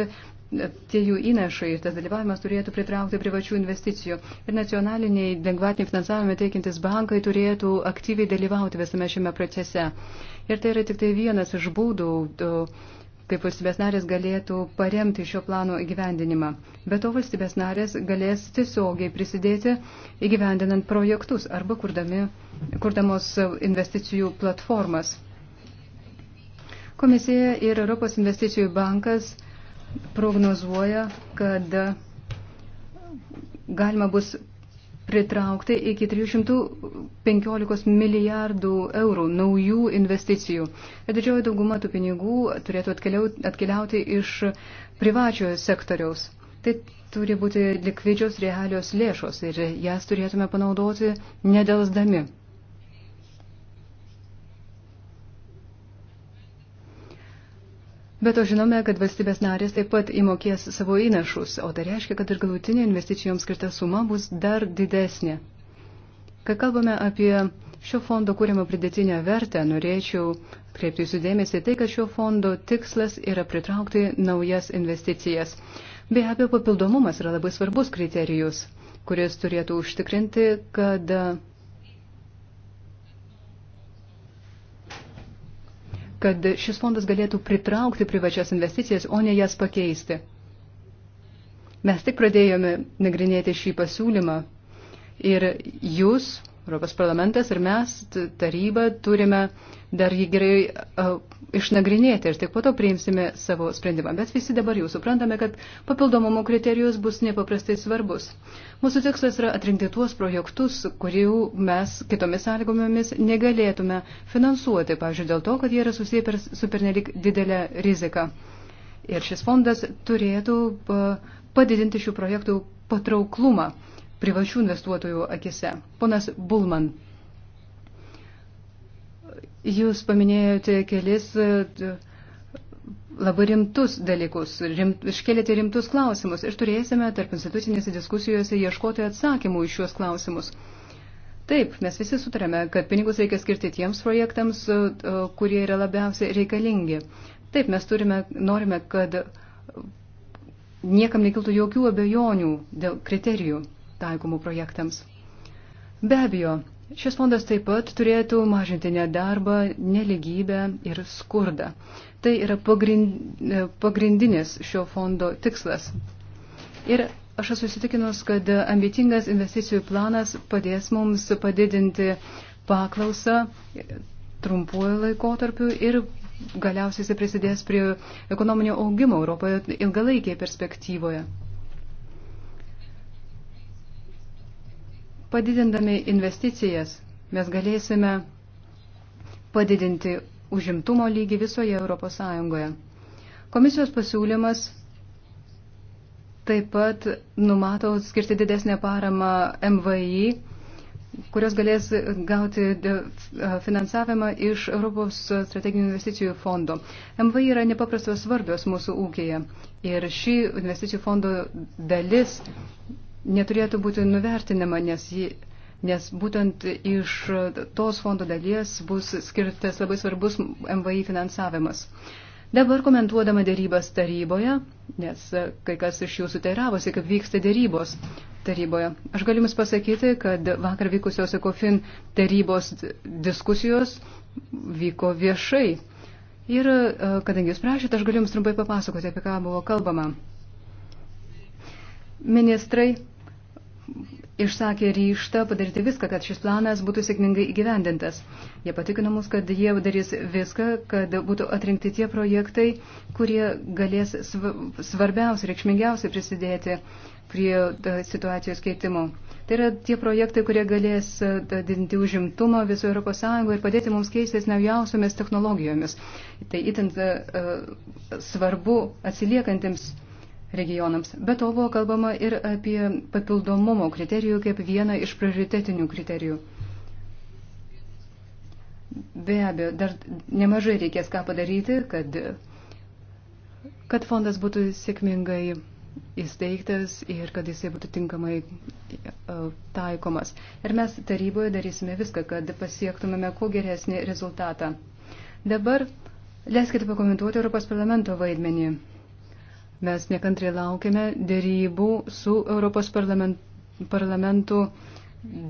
tie jų įnašai ir tas dalyvavimas turėtų pritraukti privačių investicijų. Ir nacionaliniai lengvatiniai finansavimai teikiantis bankai turėtų aktyviai dalyvauti visame šiame procese. Ir tai yra tik tai vienas iš būdų. To, kaip valstybės narės galėtų paremti šio plano įgyvendinimą. Be to valstybės narės galės tiesiogiai prisidėti įgyvendinant projektus arba kurdami, kurdamos investicijų platformas. Komisija ir Europos investicijų bankas prognozuoja, kad galima bus pritraukti iki 315 milijardų eurų naujų investicijų. Ir didžioji dauguma tų pinigų turėtų atkeliauti iš privačiojo sektoriaus. Tai turi būti likvidžios realios lėšos ir jas turėtume panaudoti nedelsdami. Bet to žinome, kad valstybės narės taip pat įmokės savo įnašus, o tai reiškia, kad ir galutinė investicijoms skirta suma bus dar didesnė. Kai kalbame apie šio fondo kūrimo pridėtinę vertę, norėčiau kreipti jūsų dėmesį tai, kad šio fondo tikslas yra pritraukti naujas investicijas. Be abejo, papildomumas yra labai svarbus kriterijus, kuris turėtų užtikrinti, kad kad šis fondas galėtų pritraukti privačias investicijas, o ne jas pakeisti. Mes tik pradėjome nagrinėti šį pasiūlymą ir jūs, Europos parlamentas ir mes, taryba, turime dar jį gerai išnagrinėti ir tik po to priimsime savo sprendimą. Bet visi dabar jau suprantame, kad papildomumo kriterijus bus nepaprastai svarbus. Mūsų tikslas yra atrinkti tuos projektus, kurių mes kitomis sąlygomis negalėtume finansuoti, pavyzdžiui, dėl to, kad jie yra susiję per, su pernelik didelę riziką. Ir šis fondas turėtų padidinti šių projektų patrauklumą privačių investuotojų akise. Ponas Bulman Jūs paminėjote kelis e, labai rimtus dalykus, rimt, iškelėte rimtus klausimus ir turėsime tarp institucinėse diskusijose ieškoti atsakymų iš šios klausimus. Taip, mes visi sutarėme, kad pinigus reikia skirti tiems projektams, e, kurie yra labiausiai reikalingi. Taip, mes turime, norime, kad niekam nekiltų jokių abejonių dėl kriterijų taikomų projektams. Be abejo, Šis fondas taip pat turėtų mažinti nedarbą, neligybę ir skurdą. Tai yra e, pagrindinis šio fondo tikslas. Ir aš esu įsitikinus, kad ambicingas investicijų planas padės mums padidinti paklausą trumpuoju laikotarpiu ir galiausiai prisidės prie ekonominio augimo Europoje ilgalaikėje perspektyvoje. Padidindami investicijas mes galėsime padidinti užimtumo lygį visoje Europos Sąjungoje. Komisijos pasiūlymas taip pat numato skirti didesnę paramą MVI, kurios galės gauti finansavimą iš Europos strateginių investicijų fondo. MVI yra nepaprastos svarbios mūsų ūkėje ir ši investicijų fondo dalis neturėtų būti nuvertinama, nes, ji, nes būtent iš tos fondo dalies bus skirtas labai svarbus MVI finansavimas. Dabar komentuodama dėrybas taryboje, nes kai kas iš jūsų teiravosi, kaip vyksta dėrybos taryboje, aš galiu jums pasakyti, kad vakar vykusios ECOFIN tarybos diskusijos vyko viešai. Ir e, kadangi jūs prašėte, aš galiu jums trumpai papasakoti, apie ką buvo kalbama. Ministrai išsakė ryštą padaryti viską, kad šis planas būtų sėkmingai įgyvendintas. Jie patikino mus, kad jie darys viską, kad būtų atrinkti tie projektai, kurie galės svarbiausiai, reikšmingiausiai prisidėti prie e, situacijos keitimo. Tai yra tie projektai, kurie galės e, didinti užimtumą viso Europos Sąjungoje ir padėti mums keistis naujausiomis technologijomis. Tai itin uh, svarbu atsiliekantiems regionams. Be to buvo kalbama ir apie papildomumo kriterijų kaip vieną iš prioritetinių kriterijų. Be abejo, dar nemažai reikės ką padaryti, kad, kad fondas būtų sėkmingai įsteigtas ir kad jisai būtų tinkamai e, taikomas. Ir mes taryboje darysime viską, kad pasiektumėme kuo geresnį rezultatą. Dabar leiskite pakomentuoti Europos parlamento vaidmenį. Mes nekantriai laukiame dėrybų su Europos parlamentu, parlamentu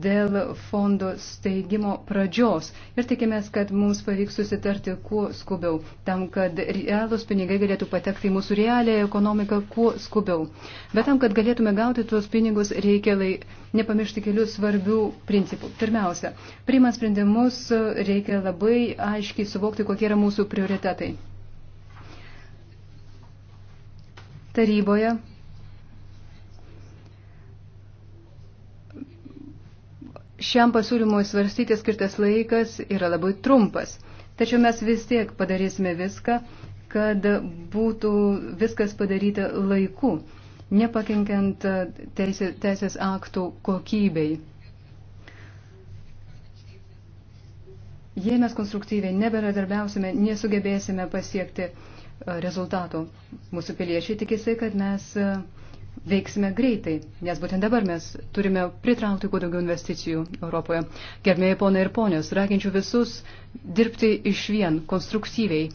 dėl fondo steigimo pradžios ir tikimės, kad mums pavyks susitarti kuo skubiau, tam, kad realūs pinigai galėtų patekti į mūsų realią ekonomiką kuo skubiau. Bet tam, kad galėtume gauti tuos pinigus, reikia lai, nepamiršti kelių svarbių principų. Pirmiausia, priimant sprendimus reikia labai aiškiai suvokti, kokie yra mūsų prioritetai. taryboje šiam pasiūlymui svarstyti skirtas laikas yra labai trumpas. Tačiau mes vis tiek padarysime viską, kad būtų viskas padaryta laiku, nepakenkiant teisės, teisės aktų kokybei. Jei mes konstruktyviai neberadarbiausime, nesugebėsime pasiekti uh, rezultatų. Mūsų piliečiai tikisi, kad mes e, veiksime greitai, nes būtent dabar mes turime pritraukti kuo daugiau investicijų Europoje. Gerbėjai ponai ir ponios, raginčiau visus dirbti iš vien, konstruktyviai,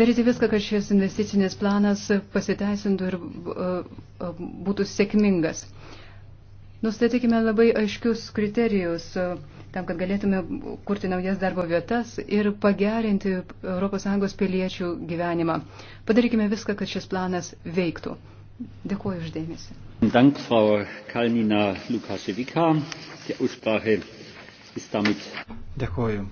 daryti viską, kad šis investicinis planas pasiteisintų ir e, e, būtų sėkmingas. Uh, Nustatykime labai aiškius kriterijus e, tam, kad galėtume kurti naujas darbo vietas ir pagerinti ES piliečių gyvenimą. Padarykime viską, kad šis planas veiktų. Dėkuoju uždėmesi. Dank, Frau Kalnina Lukasevika. Die Aussprache ist damit. Dėkuoju.